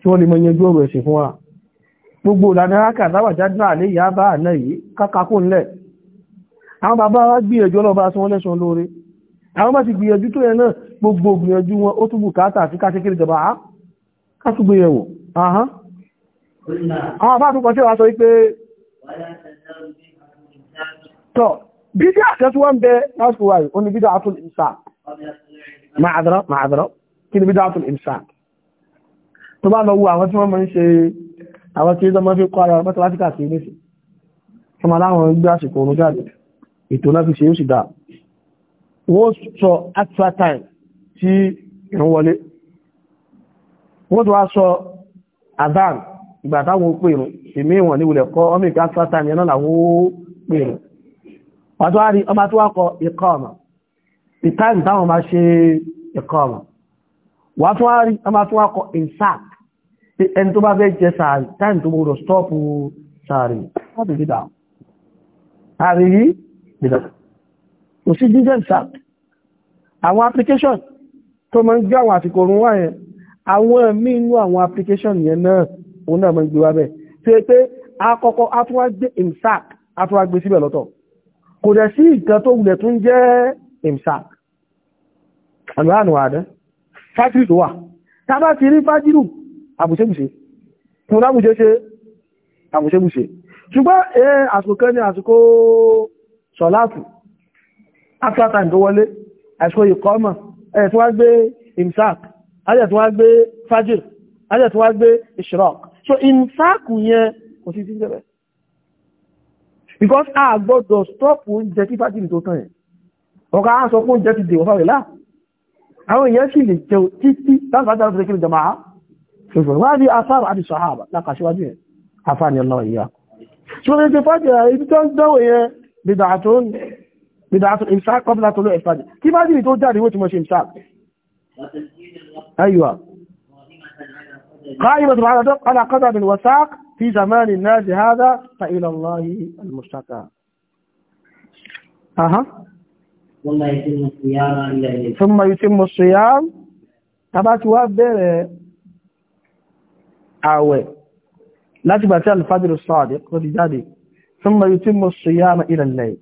شو اللي من يجوا بيشي هو gbogbo ìlànà rákà sábàjádùn àlé ìyá bá àná yìí kákàkù ńlẹ̀ àwọn bàbá wá gbìyànjú ọlọ́ba sún wọ́n lẹ́sùn lóore àwọn bá ti gbìyànjú tó yẹ náà gbogbo gbìyànjú wọn ó túbù káàtà sí káṣekiri jọba á kásùgbéyẹ̀wò àwọn afá tó kọ̀ tí wá sọ wípé tọ́ bí sí àkẹ́sù wọ́n bẹ lásìkò wáyé ó ní bídá àtúl ìmsàn àwọn tí ó máa fi kọ́ ara mọ́tàlásíkà sí ilé sí ọmọ aláwọn gbé àsìkò orun jáde ètò náà fi ṣe ó sì dáa wọ́n sọ actual time tí ìrún wọlé wọ́n tó wá sọ adán ìgbà táwọn ìwọ̀n ní kọ́ ọmọ actual time yẹn náà pé ẹni tó bá fẹ́ jẹ sàárì táìmì tó gbọdọ̀ stọ́ọ̀pù sàárì láti fi àrí yí bìdà kò sí jíjẹ́ sà àwọn application tó máa ń gbé àwọn àsìkò orun wá àwọn míì inú àwọn application yẹn náà òun náà máa ń gbé wá bẹ́ẹ̀ tí ó pé akọ́kọ́ afúnwágbé imsac afúnwágbé síbẹ̀ lọ́tọ̀ kò dẹ̀ sí ìkan tó wulẹ̀ tún jẹ́ imsac àlùhánù àdá fájírì tó wà tá ti rí fájírì àbùṣẹ́bùṣe mo lábùṣẹ́ ṣe àbùṣẹ́bùṣe ṣùgbọ́n ẹ̀ àsìkò kan ní àsìkò sọ̀láàtù after time tó wọlé àsìkò ìkọ́mọ̀ ẹ̀ tó wá gbé imsak ajẹ́ tó wá gbé fajir ajẹ́ tó wá gbé ishraq so imsak yẹn kò sí síjẹ́bẹ̀ because a gbọ́dọ̀ stop oúnjẹ tí fajir tó tán yẹn ọ̀ká á sọ pé oúnjẹ ti dè wọ́n fáwẹ̀ láà àwọn èèyàn sì lè شوفوا هذه آثار عن الصحابة نقاش وجه عفاني الله إياكم شوفوا الفجر إبتان دوية بدعة بدعة الإمساك قبل طلوع الفجر كيف هذه تقول داري وتمشي مش إمساك أيوة قائمة على على قدم الوثاق في زمان الناس هذا فإلى الله المشتكى أها ثم يتم الصيام ثم يتم الصيام تبعت وابدأ àwẹ̀ láti gbà tí alfajir sadiq kò ti jáde thumma yutimmu as-siyama ila al-layl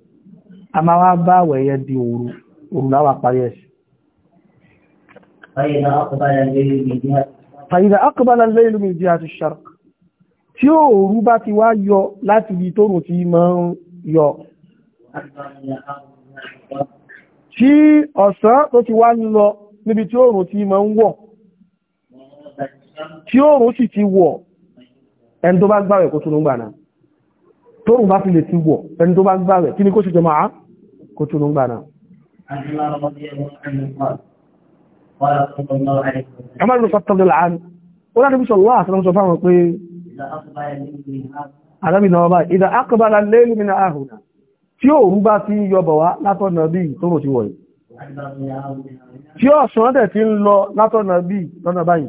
a máa wá bá àwẹ̀ yẹ di òru òru láwà parí ẹ̀sì fàyídà aqbala al-layl min jihati ash-sharq tí òru bá ti wá yọ láti ibi tó ti máa yọ tí ọ̀sán tó ti wá ń lọ níbi tí òrùn ti máa ń wọ̀ tí oòrùn sì ti wọ̀ ẹni tó bá gbàwẹ̀ kó túnú gbà náà tóòrùn bá fi lè ti wọ̀ ẹni tó bá gbàwẹ̀ kí ni kó sì máa kó túnú gbà náà Amar an Ó láti bí sallallahu alaihi wasallam fáwọn pé Àdábì náà bá ìdá aqbala ahuna. Tí òòrùn bá ti yọbọ̀ wá látọ̀nà bí tó rò ti wọ̀nyí. Tí ọ̀sán dẹ̀ ti ń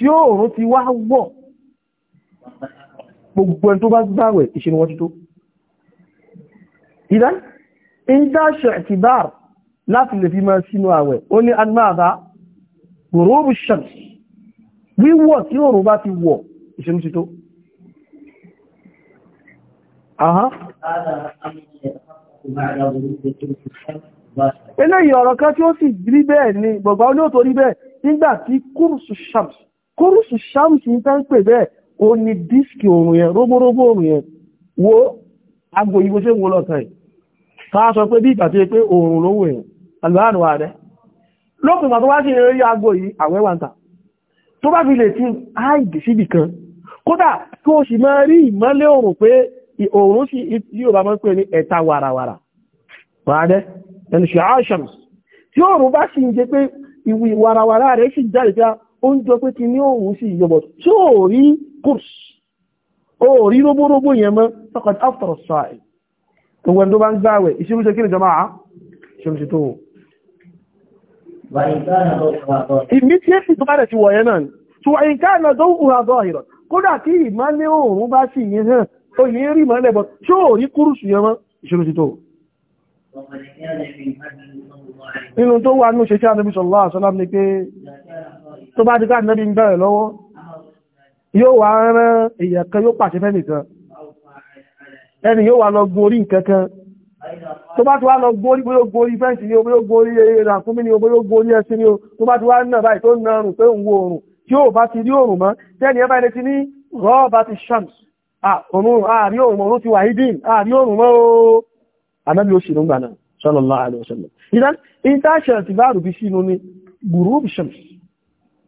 tí òòrùn ti wá wọ̀ gbogbo ẹni tó bá gbàwẹ̀ ìṣẹ́ni wọ́n ti tó ìdán ìdáṣẹ̀ ìtìbáà láti lè fi máa sínú àwẹ̀ ó ní agbáàbá gbòròrò ṣàmì wíwọ̀ tí òòrùn bá ti wọ̀ ìṣẹ́ni ti tó eléyìí ọ̀rọ̀ kan tí ó sì rí bẹ́ẹ̀ ni gbogbo olóòtú rí bẹ́ẹ̀ nígbà tí kúrùsù ṣàmì kórùsù ṣáàmùsì tá ń pè bẹ́ẹ̀ ó ní díìskì òrùn yẹn róbóróbó òrùn yẹn wo agbo ìbò ṣe ń wo lọ́kàn yìí ká sọ pé bí ìgbàtí pé òrùn ló wò yẹn àlùbáàrù ààrẹ lópin ìgbà tó wá sí eré agbo yìí àwẹ́ wà ń tà tó bá fi lè ti áìdì síbì kan kódà kí o sì máa rí ìmọ́lẹ̀ òrùn pé òrùn sí yóò bá máa ń pè ní ẹ̀ta wàràwàrà wàádẹ́ ẹni ṣe àṣàmù tí òrùn bá sì ń jẹ pé ìwì wàràwàrà rẹ̀ sì jáde ó ń jọ pé kí ní òun sí ìyọ̀bọ̀ tí ó rí kùrs ó rí rógbórógbó yẹn mọ́ faqad aftara as-sa'im gbogbo ẹni bá ń gbààwẹ̀ ìṣirú kí ni jama'a ṣe ṣe tó wò. immediately tó bá rẹ̀ ti wọ̀ yẹn náà ni tí wọ́n yìí ká náà tó wù àbọ̀ àhìrọ̀ kódà kí ìmọ́lẹ̀ òun bá sì yẹn hàn ó yẹn rí ìmọ́lẹ̀ bọ̀ tí ó rí tó wà ní òṣèṣẹ́ àdébísọ̀lá àṣọ́lá ní pé tó bá ti ká nẹ́bí ń bẹ̀rẹ̀ lọ́wọ́ yóò wá rán èèyàn kan yóò pàṣẹ fẹ́ nìkan ẹni yóò wá lọ gorí nǹkankan tó bá ti wá lọ gorí bóyó gorí fẹ́ǹsì ni o bóyó gorí ìràkúnmí ni o gorí ẹṣin ni o tó bá ti wá náà báyìí tó náà rùn pé òun wo òrùn tí ó bá ti rí òrùn mọ́ tẹ́ni ẹ báyìí ti ní rọ́ọ̀bá ti shams òrùn ààrí òrùn òrùn ti wà hídìn ààrí òrùn mọ́ o anábí ó sì ló náà sallallahu alaihi wasallam ìdá ìdáṣẹ̀ ti bá rùbí ni gùrú shams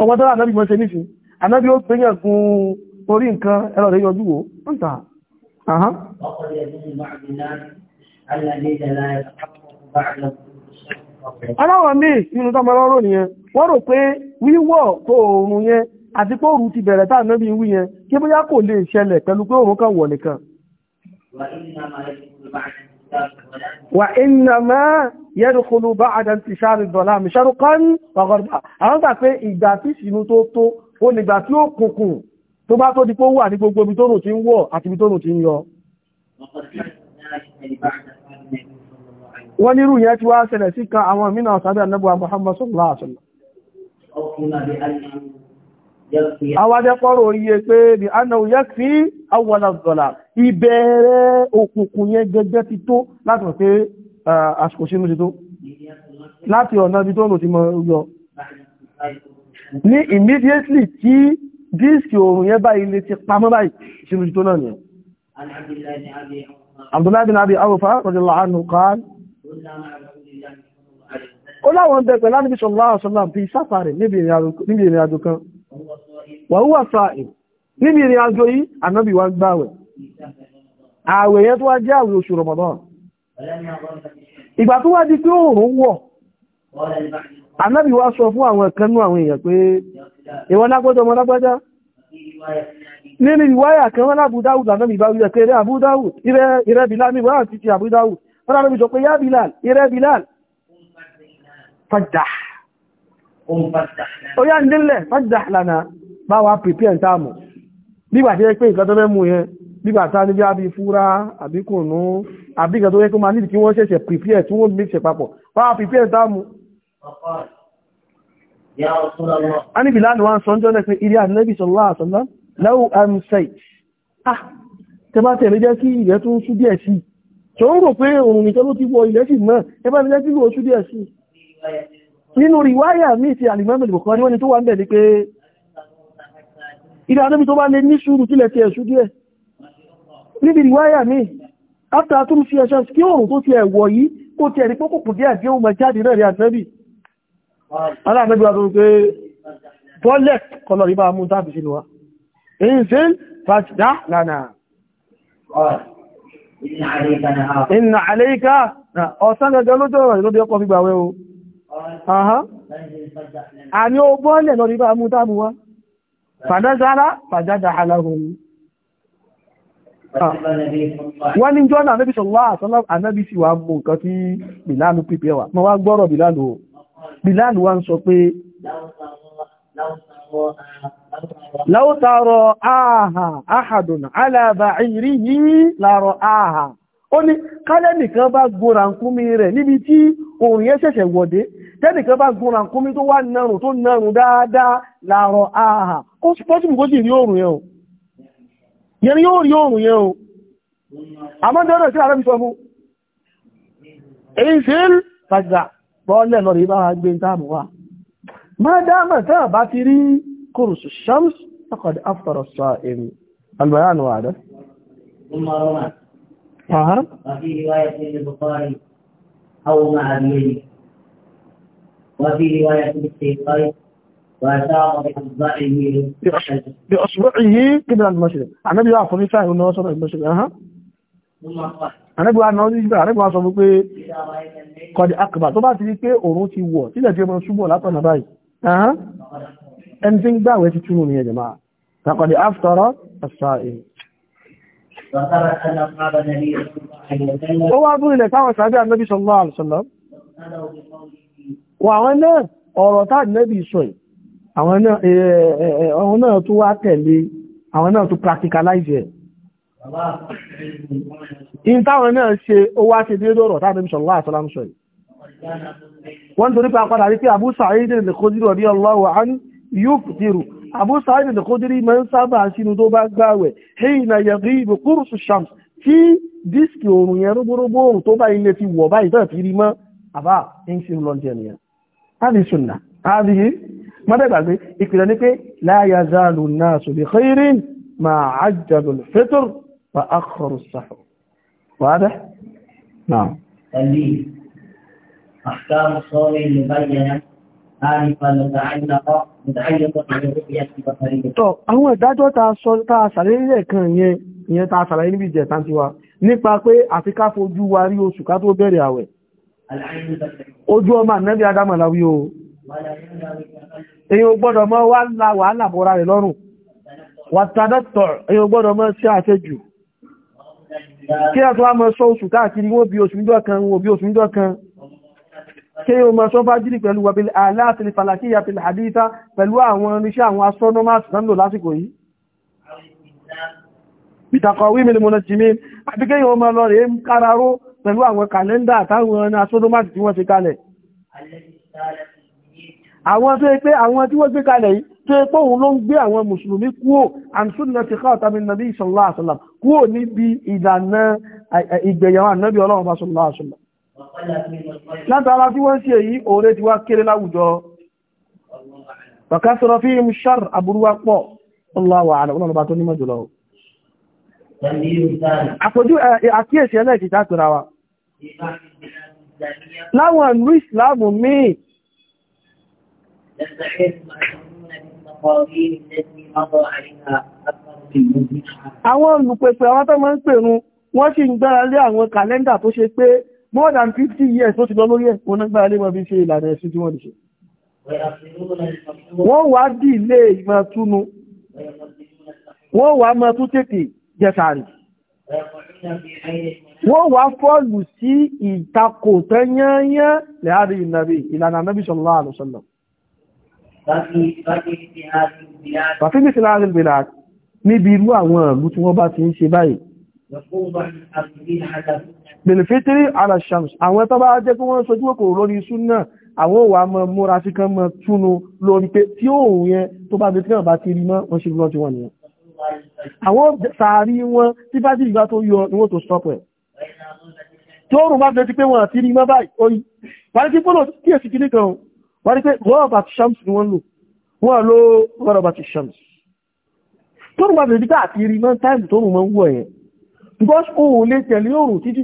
ọmọ tó ànábì mọ́ anọbi o ànábì ó pè yàn gun orí nǹkan ẹ̀rọ rẹ̀ yọjú wò ń tà áhán. aláwọ̀ míì nínú tọ́mọlọ́ nìyẹn wọ́n rò pé wíwọ̀ tó oòrùn yẹn àti pé ti bẹ̀rẹ̀ tá wí yẹn kí bóyá kò lè ṣẹlẹ̀ pẹ̀lú pé kan wọ̀ nìkan. وإنما يدخل بعد انتشار الظلام شرقا وغربا àwọn gbà pé ìgbà tí sínú tó tó ó nígbà tí ó kùnkùn tó bá tó di pé ó wà ní gbogbo ibi tóòrùn ti ń wọ̀ àti ibi tóòrùn ti ń yọ wọ́n nírú yẹn tí wá ṣẹlẹ̀ sí kan àwọn mìíràn sábẹ́ annabuwa Muhammad sallallahu alaihi wasallam Awájẹ́pọ̀rọ̀ oríye pé bí a náà yẹ́ sí àwọn àgbọ̀là ìbẹ̀rẹ̀ òkùnkùn yẹn gẹ́gẹ́ ti tó láti rọ̀ pé àsìkò sínú ti tó. Láti ọ̀nà bí tó lò ti mọ̀ yọ. Ní immediately tí díìsì oòrùn yẹn báyìí lè ti pamọ́ báyìí sínú ti tó náà nìyẹn. Abdullahi bin Abi Awfa radiyallahu anhu qala ó láwọn bẹ̀pẹ̀ láti bí sọ̀rọ̀ láàrín sọ́lá fi sáfà rẹ̀ níbi ìrìn àjò kan wàhúwà sáàì níbi ìrìn àjò yìí ànábì wa ń gbààwẹ̀ ààwẹ̀ yẹn tó wá jẹ́ àwẹ̀ oṣù Ramadan ìgbà tó wá di pé oòrùn wọ̀ ànábì wa sọ fún àwọn ẹ̀kanú àwọn èèyàn pé ìwọ lágbọ́dá ọmọ lágbọ́dá nínú ìwáyà kan wọ́n lábúdáwùd ànábì bá wílẹ̀ pé àbúdáwùd ìrẹ́ Bilal níwá àti ti àbúdáwùd wọ́n lábúdáwùd sọ pé yá Bilal ìrẹ́ Bilal fàjà ó yá ń délẹ̀ fàjá lànà bá wa pèpè ẹ̀ táàmù bígbà tí ó pé nǹkan tó fẹ́ mú yẹn bígbà tá níbi àbí fúra àbí kùnú àbí nǹkan tó yẹ kó máa níbi kí wọ́n ṣẹ̀ṣẹ̀ pèpè ẹ̀ tí wọ́n bí ṣe papọ̀ bá wa pèpè ẹ̀ táàmù. a níbi láàrín wọn sọ ń jọ́lẹ̀ pé ilé ànábì sallallahu nínú ríwáyà ní ti alìmọ́mù ìbùkọ́ ní wọ́n ni tó wà ń bẹ̀ ní pé ilẹ̀ adóbi tó bá lè ní ṣúrù tí lẹ ti ẹ̀ṣú díẹ̀ níbi ríwáyà ní after tó fi ẹ̀ṣọ́ kí oòrùn tó ti ẹ̀wọ̀ yìí kó ti ẹ̀rí pókòkò díẹ̀ díẹ̀ ohun jáde náà rí àtẹ́bì aláàmẹ́bí wa tó pé bọ́lẹ̀ kọlọ̀ rí bá mú tàbí sínú wa èyí ṣe fàṣìdá lànà ìnà àlẹ́yíká ọ̀sán gẹ́gẹ́ lójọ́ ìlóbi ọkọ̀ gbígbàwẹ́ o àní ogbó lè lọ nípa mú tábù wá fàdájára fàdájá aláhùn wọ́n ní jọ́nà anábí sọ̀rọ̀ àtọ́lá anábí sí wà mú nǹkan tí bìlánù pípẹ́ wà mọ́ wá gbọ́rọ̀ bìlánù bìlánù wá ń sọ pé láwọ́tàrọ̀ ààhà àhàdùn alábà ìrí yìí láàrọ̀ ààhà ó ní kálẹ́ nìkan bá gbọ́ràǹkúmi rẹ̀ níbi tí òun yẹ́ ṣẹ̀ṣẹ̀ wọ̀dé tẹ́nìkan bá gun ràkúnmí tó wá narùn tó narùn dáadáa làárọ̀ àhà ó pọ́sùn kó sì rí òrùn yẹn o yẹn yóò rí òrùn yẹn o àmọ́ dọ́rọ̀ sí àrẹ́bí sọ fún èyí sí fàjá bọ́ọ̀lẹ̀ lọ rí bá gbé táàmù wá máa وفي رواية للشيخين وأشار بإصبعه بإصبعه قبل المشرق النبي يعرف أن يفهم أنه وصل المشرق أها Àníbò àná oníṣẹ́ àníbò aṣọ wípé kọ̀dì akùbà tó bá ti rí pé òòrùn ti wọ̀ sílẹ̀ tí ó mọ́ ṣúgbọ̀ látọ̀nà báyìí. Ẹni tí ń gbàwẹ̀ ti túnú ní ẹjẹ̀ máa. Kọ̀dì aftara as-sa'im. Ó wá bú ilẹ̀ táwọn sàábẹ́ wọ́n àwọn náà ọ̀rọ̀ táà nẹ́bì sọ ẹ̀ àwọn náà tó wá tẹ̀lé àwọn náà tó practicalize ẹ̀ in táwọn náà ṣe ó wá ṣe déédó ọ̀rọ̀ táà nẹ́bì sọ lọ́wọ́ àtọ́lá ń sọ ẹ̀ wọ́n torí pé apádà rí pé Abu Sa'id al-Khudri radiyallahu anhu yuftiru Abu Sa'id al-Khudri máa ń sábà sínú tó bá gbáwẹ̀ hina yaghibu qursu shams tí dísìkì oòrùn yẹn rúgbúrúgbú oòrùn tó bá ilé ti wọ̀ báyìí هذه سنة هذه ماذا قال يقول لك لا يزال الناس بخير ما عجب الفطر وأخر السحر واضح؟ نعم تنبيه أحكام الصوم المبينة Tọ́ àwọn ìdájọ́ ta sọ ta ṣàlẹ́ ilẹ̀ kan yẹn ta ṣàlàyé níbi ìjẹta ti wa nípa pé àfiká fojú wa rí oṣù ká tó bẹ̀rẹ̀ àwẹ̀ ojú ọmọ ànẹ́bí adámọ̀ láwí o èyí o gbọ́dọ̀ mọ́ wá ńlá wàhálà bọ́ra rẹ̀ lọ́rùn wàtàdọ́tọ̀ èyí o gbọ́dọ̀ mọ́ sí àṣejù kí a tó wá mọ́ sọ oṣù káàkiri wọ́n bí oṣù níjọ́ kan wọ́n bí oṣù níjọ́ kan kí o mọ́ sọ bá jírí pẹ̀lú wàbí aláàfin falakiya pẹ̀lú àdíta pẹ̀lú àwọn irinṣẹ́ àwọn astronomers náà lò lásìkò yìí ìtàkọ̀wé mi ni mo lọ jì mí àbíkẹ́yìn ọmọ lọ rèé ń káraró pẹ̀lú àwọn kàlẹ́ndà àtàwọn astronomers tí wọ́n ti kalẹ̀ àwọn tó pé àwọn tí wọ́n gbé kalẹ̀ yìí tó pé òun ló ń gbé àwọn mùsùlùmí kúò àmìsúnnà ti káàtà mi nàbí sallallahu alaihi wasallam kúò níbi ìlànà ìgbẹ̀yàwó ànábì ọlọ́run bá sallallahu alaihi wasallam tó nímọ̀ jùlọ láwọn ìlú ìsìláàmù míì àwọn olùpẹ̀pẹ̀ àwọn tó máa ń pèrún wọ́n sì ń gbára lé àwọn kàlẹ́ndà tó ṣe pé more than 50 years tó ti lọ lórí ẹ̀ wọ́n náà gbára lé wọn bí ṣe ìlànà ẹ̀sìn tí wọ́n lè ṣe wọ́n wá dì ilé ìmọ̀ wọ́n wá mọ́ tún tètè jẹ́sàárì wọ́n wá fọ́ọ̀lù sí ìtakò tẹ́yẹ́yẹ́ lẹ́hàrí ìnàrí ìlànà anábì sallallahu alaihi wasallam. Fàfíbí sí láàrin ìbìlá níbi irú àwọn ìlú tí wọ́n bá ti ń ṣe báyìí. Bèlèfétírí Alashams, àwọn tó bá jẹ́ kí wọ́n sojú òkò lórí súnnà, àwọn òwà mọ múra sàárí wọn tí bá dìgbà tó yọ ni wọ́n tó stop ẹ̀ tí ó rùn bá fẹ́ ti pé wọ́n àti rí mọ́ báyìí orí wọ́n tí pọ́lọ̀ tí èsì kìí kan wọ́n tí pé rọ́ọ̀bà ti shams ni wọ́n lò wọ́n ló rọ́ọ̀bà ti shams tó rùn bá fẹ́ ti pé àti rí mọ́ táìmù tó rùn mọ́ wọ̀ ẹ̀ because o ò lè tẹ̀lé òrùn títí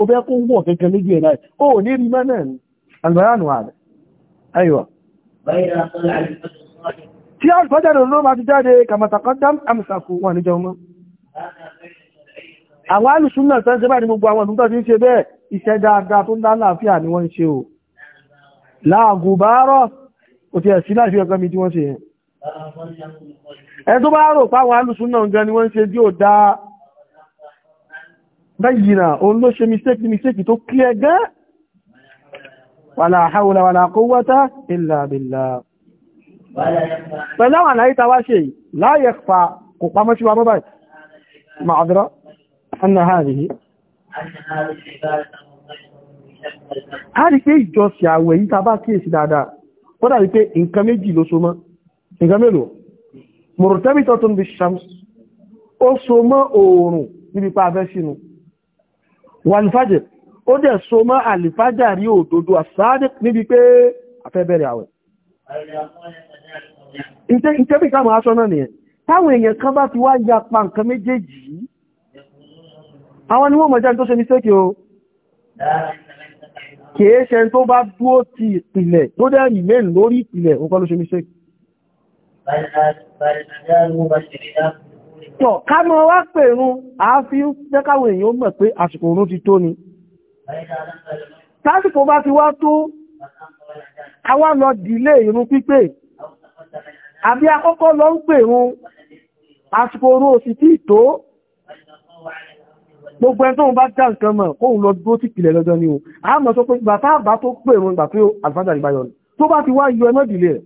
o fẹ́ kó wọ̀ kankan lójú ẹ̀ láì o ò ní rí mọ́ náà ni alùbárànù ààrẹ ayọ̀ tí alùbárànù ló máa ti jáde kàmàtàkọ́dám àmìsàkù wà níjọ àwọn alùsùnà tán ṣe báyìí gbogbo àwọn ìdúntọ́ ti ń ṣe bẹ́ẹ̀ iṣẹ́ dáadáa tó ń dá láàfíà ni wọ́n ń ṣe o láàgùbárọ̀ kò ti ẹ̀sí láti ọkọ̀ mi tí wọ́n ṣe yẹn ẹ tó bá rò páwọn alùsùnà gan ni wọ́n ń ṣe tí ó dá bẹ́yìnà pẹ̀lú àwọn àlàyé ṣe láyẹ̀ pa kò pamọ́ sí mọ́ báyìí màdúrà أن هذه a rí pé ìjọsìn àwẹ̀ yìí tàbá kíyèsí dáadáa ó dàrí pé nǹkan méjì ló so mọ́ nǹkan mélòó mọ̀rọ̀tẹ́mítọ́ tó ń shams o so oorun oòrùn níbi pa afẹ́ sínú wàlífàjẹ̀ ó dẹ̀ so mọ́ àlìfàjà rí òdodo àsáàdẹ̀ níbi pé afẹ́ bẹ̀rẹ̀ ti àwọn ni wọ́n mọ̀ jẹ́ tó ṣe mistake o kìí ṣe tó bá dúó ti ìpìlẹ̀ tó dẹ̀ remain lórí ìpìlẹ̀ ó kọ́ ló ṣe mistake tọ̀ ká mọ́ wá pèrún àáfí jẹ́kàwò èèyàn mọ̀ pé àsìkò oòrùn ti tó ni tásìkò bá ti wá tó àwa lọ dìlé ìrun pípé àbí akọ́kọ́ lọ ń pèrún àsìkò oòrùn òsì tí tó gbogbo ẹni tóun bá dá nǹkan mọ̀ kóun lọ dúró tí ìpìlẹ̀ lọ́jọ́ ni o a mọ̀ sọ pé bàtà àbá tó pè wọn gbà pé àlùfáàjà nígbà yọ ni tó bá ti wá yọ ẹmọ́ ìdílé rẹ̀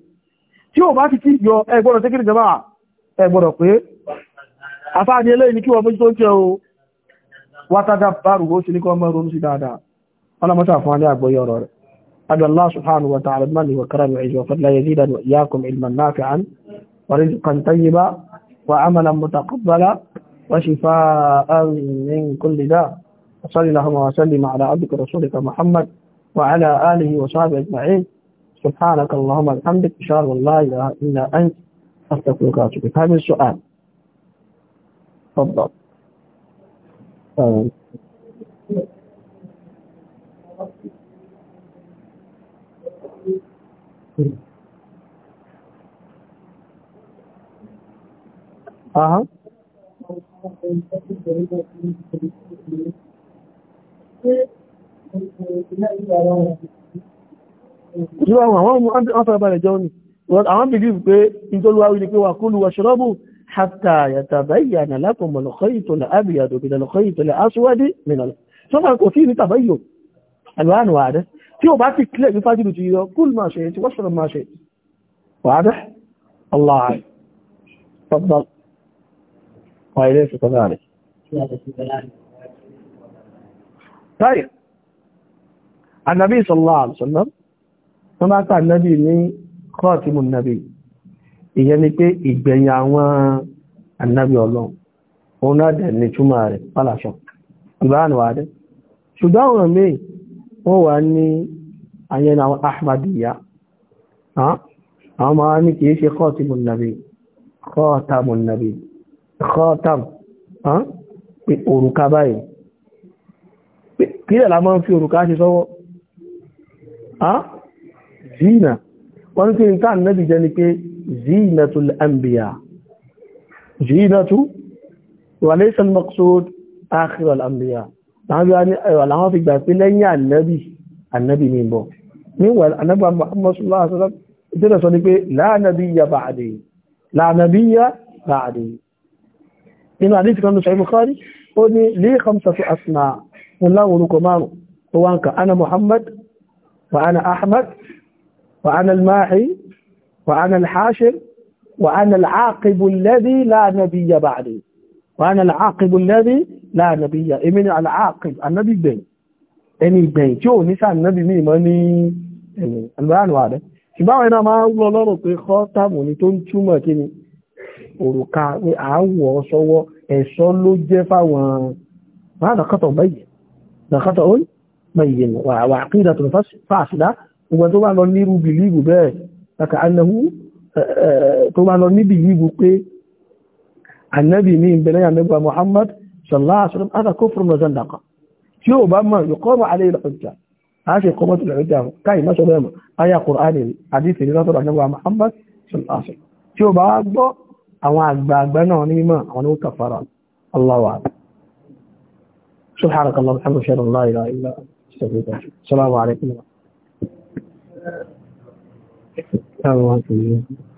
tí ò bá ti ti yọ ẹ gbọ́dọ̀ sí kìrìjọba ẹ gbọ́dọ̀ pé àfáàní eléyìí kí wọ́n mójú ń jẹ́ o wátádá الله سبحانه وتعالى المن وكرم وعز وفضل يزيدنا وإياكم علما نافعا ورزقا طيبا وعملا متقبلا وشفاء من كل داء وصلي اللهم وسلم على عبدك ورسولك محمد وعلى آله وصحبه أجمعين سبحانك اللهم الحمدك شاء والله لا إلا أنت أستغفرك وأتوب هذا السؤال تفضل Uh-huh. Ìjọba àwọn ọmọdé jẹun ni, àwọn believe pé ìjọlúwárí ni pé wà kúlù wà ṣọ́rọ́bù hàtà yàtàbáyànà lákùnmọ̀ lọ́kọ́yìtò láàbìyàdò bí lọ́kọ́yìtò láàṣúwádìí mìíràn. Sọ́fà kò tí ní tàbáyò, àlúwánù àádẹ́, tí ó bá ti kílẹ̀ ní fájìlù ti yọ kúlù máa ṣe ti wọ́ṣọ́rọ̀ máa وإليك كذلك طيب النبي صلى الله عليه وسلم wọ́n bá Nábì ní kọ́ọ̀tìmù Nábì ìyẹn ni pé ìgbẹ̀yìn àwọn ànábì ọlọ́run òun náà dẹ̀ ní túmọ̀ rẹ̀ pálàṣọ ìbáànùwádẹ́ ṣùgbọ́n àwọn míì wọ́n wà ní ayẹni àwọn Ahmadiyya àwọn máa ní kìí ṣe kọ́ọ̀tìmù Nábì kọ́ọ̀tàmù Nábì khatam pé òrùka báyìí kí lẹ́la máa ń fi òrùka ṣe sọ́wọ́ zina wọ́n tí ní tàn náà jẹ́ ni pé zinatul anbiya zinatu wa laysa al-maqsud akhir al-anbiya láwọn fi gbà pé lẹ́yìn annabi annabi ní bọ̀ níwọ̀n annabi muhammad sallallahu alaihi wasallam ìtẹ́lẹ̀ sọ ni pé la nabiyya ba'di la nabiyya ba'di nínú àdíjì kan lọ́sọ̀ ìbùkọ́rí ó ní lè kọmsà tó asìnà wọn láwọn orúkọ márùn ó wá ń ka ana muhammad wa ana ahmad wa ana al-mahi wa ana al-hashir wa ana al-aqibu alladhi la nabiyya ba'di wa ana al-aqibu alladhi la nabiyya èmi ni al-aqib annabi gbẹ̀yìn ẹni gbẹ̀yìn tí ò ní sáà nabi mi mọ́ ní ẹ̀yìn alùbárànù àdẹ́ ṣùgbọ́n àwọn ẹ̀nà máa ń lọ lọ́rọ̀ pé kọ́ tààmù ni tó ń túmọ̀ kí ni òrùka pé àáwọ̀ sọ́wọ́ ẹ̀ṣọ́ ló jẹ́ fáwọn àdàkọ́tọ̀ báyìí àdàkọ́tọ̀ ó báyìí wà àkídà tó fàṣìdá gbogbo tó bá lọ nírú bìlíìbù bẹ́ẹ̀ kàkà anahu tó bá lọ ní bìlíìbù pé annabi ní ìbẹ̀lẹ̀ àmẹ́gbà Muhammad sallallahu alaihi wasallam ada kufrun wa zandaqa tí ó bá mọ̀ yuqamu alayhi al-hujja a ṣe kọmọ́tù al-hujja káyì mọ́ṣọ́ bẹ́ẹ̀ mọ̀ aya Qur'ani hadith ní látọ̀rọ̀ àmẹ́gbà Muhammad sallallahu alaihi wasallam tí ó bá gbọ́ àwọn àgbààgbà náà ní mímọ̀ àwọn ní ó aláwà سبحانك اللهم وبحمدك اشهد ان لا اله الا انت السلام عليكم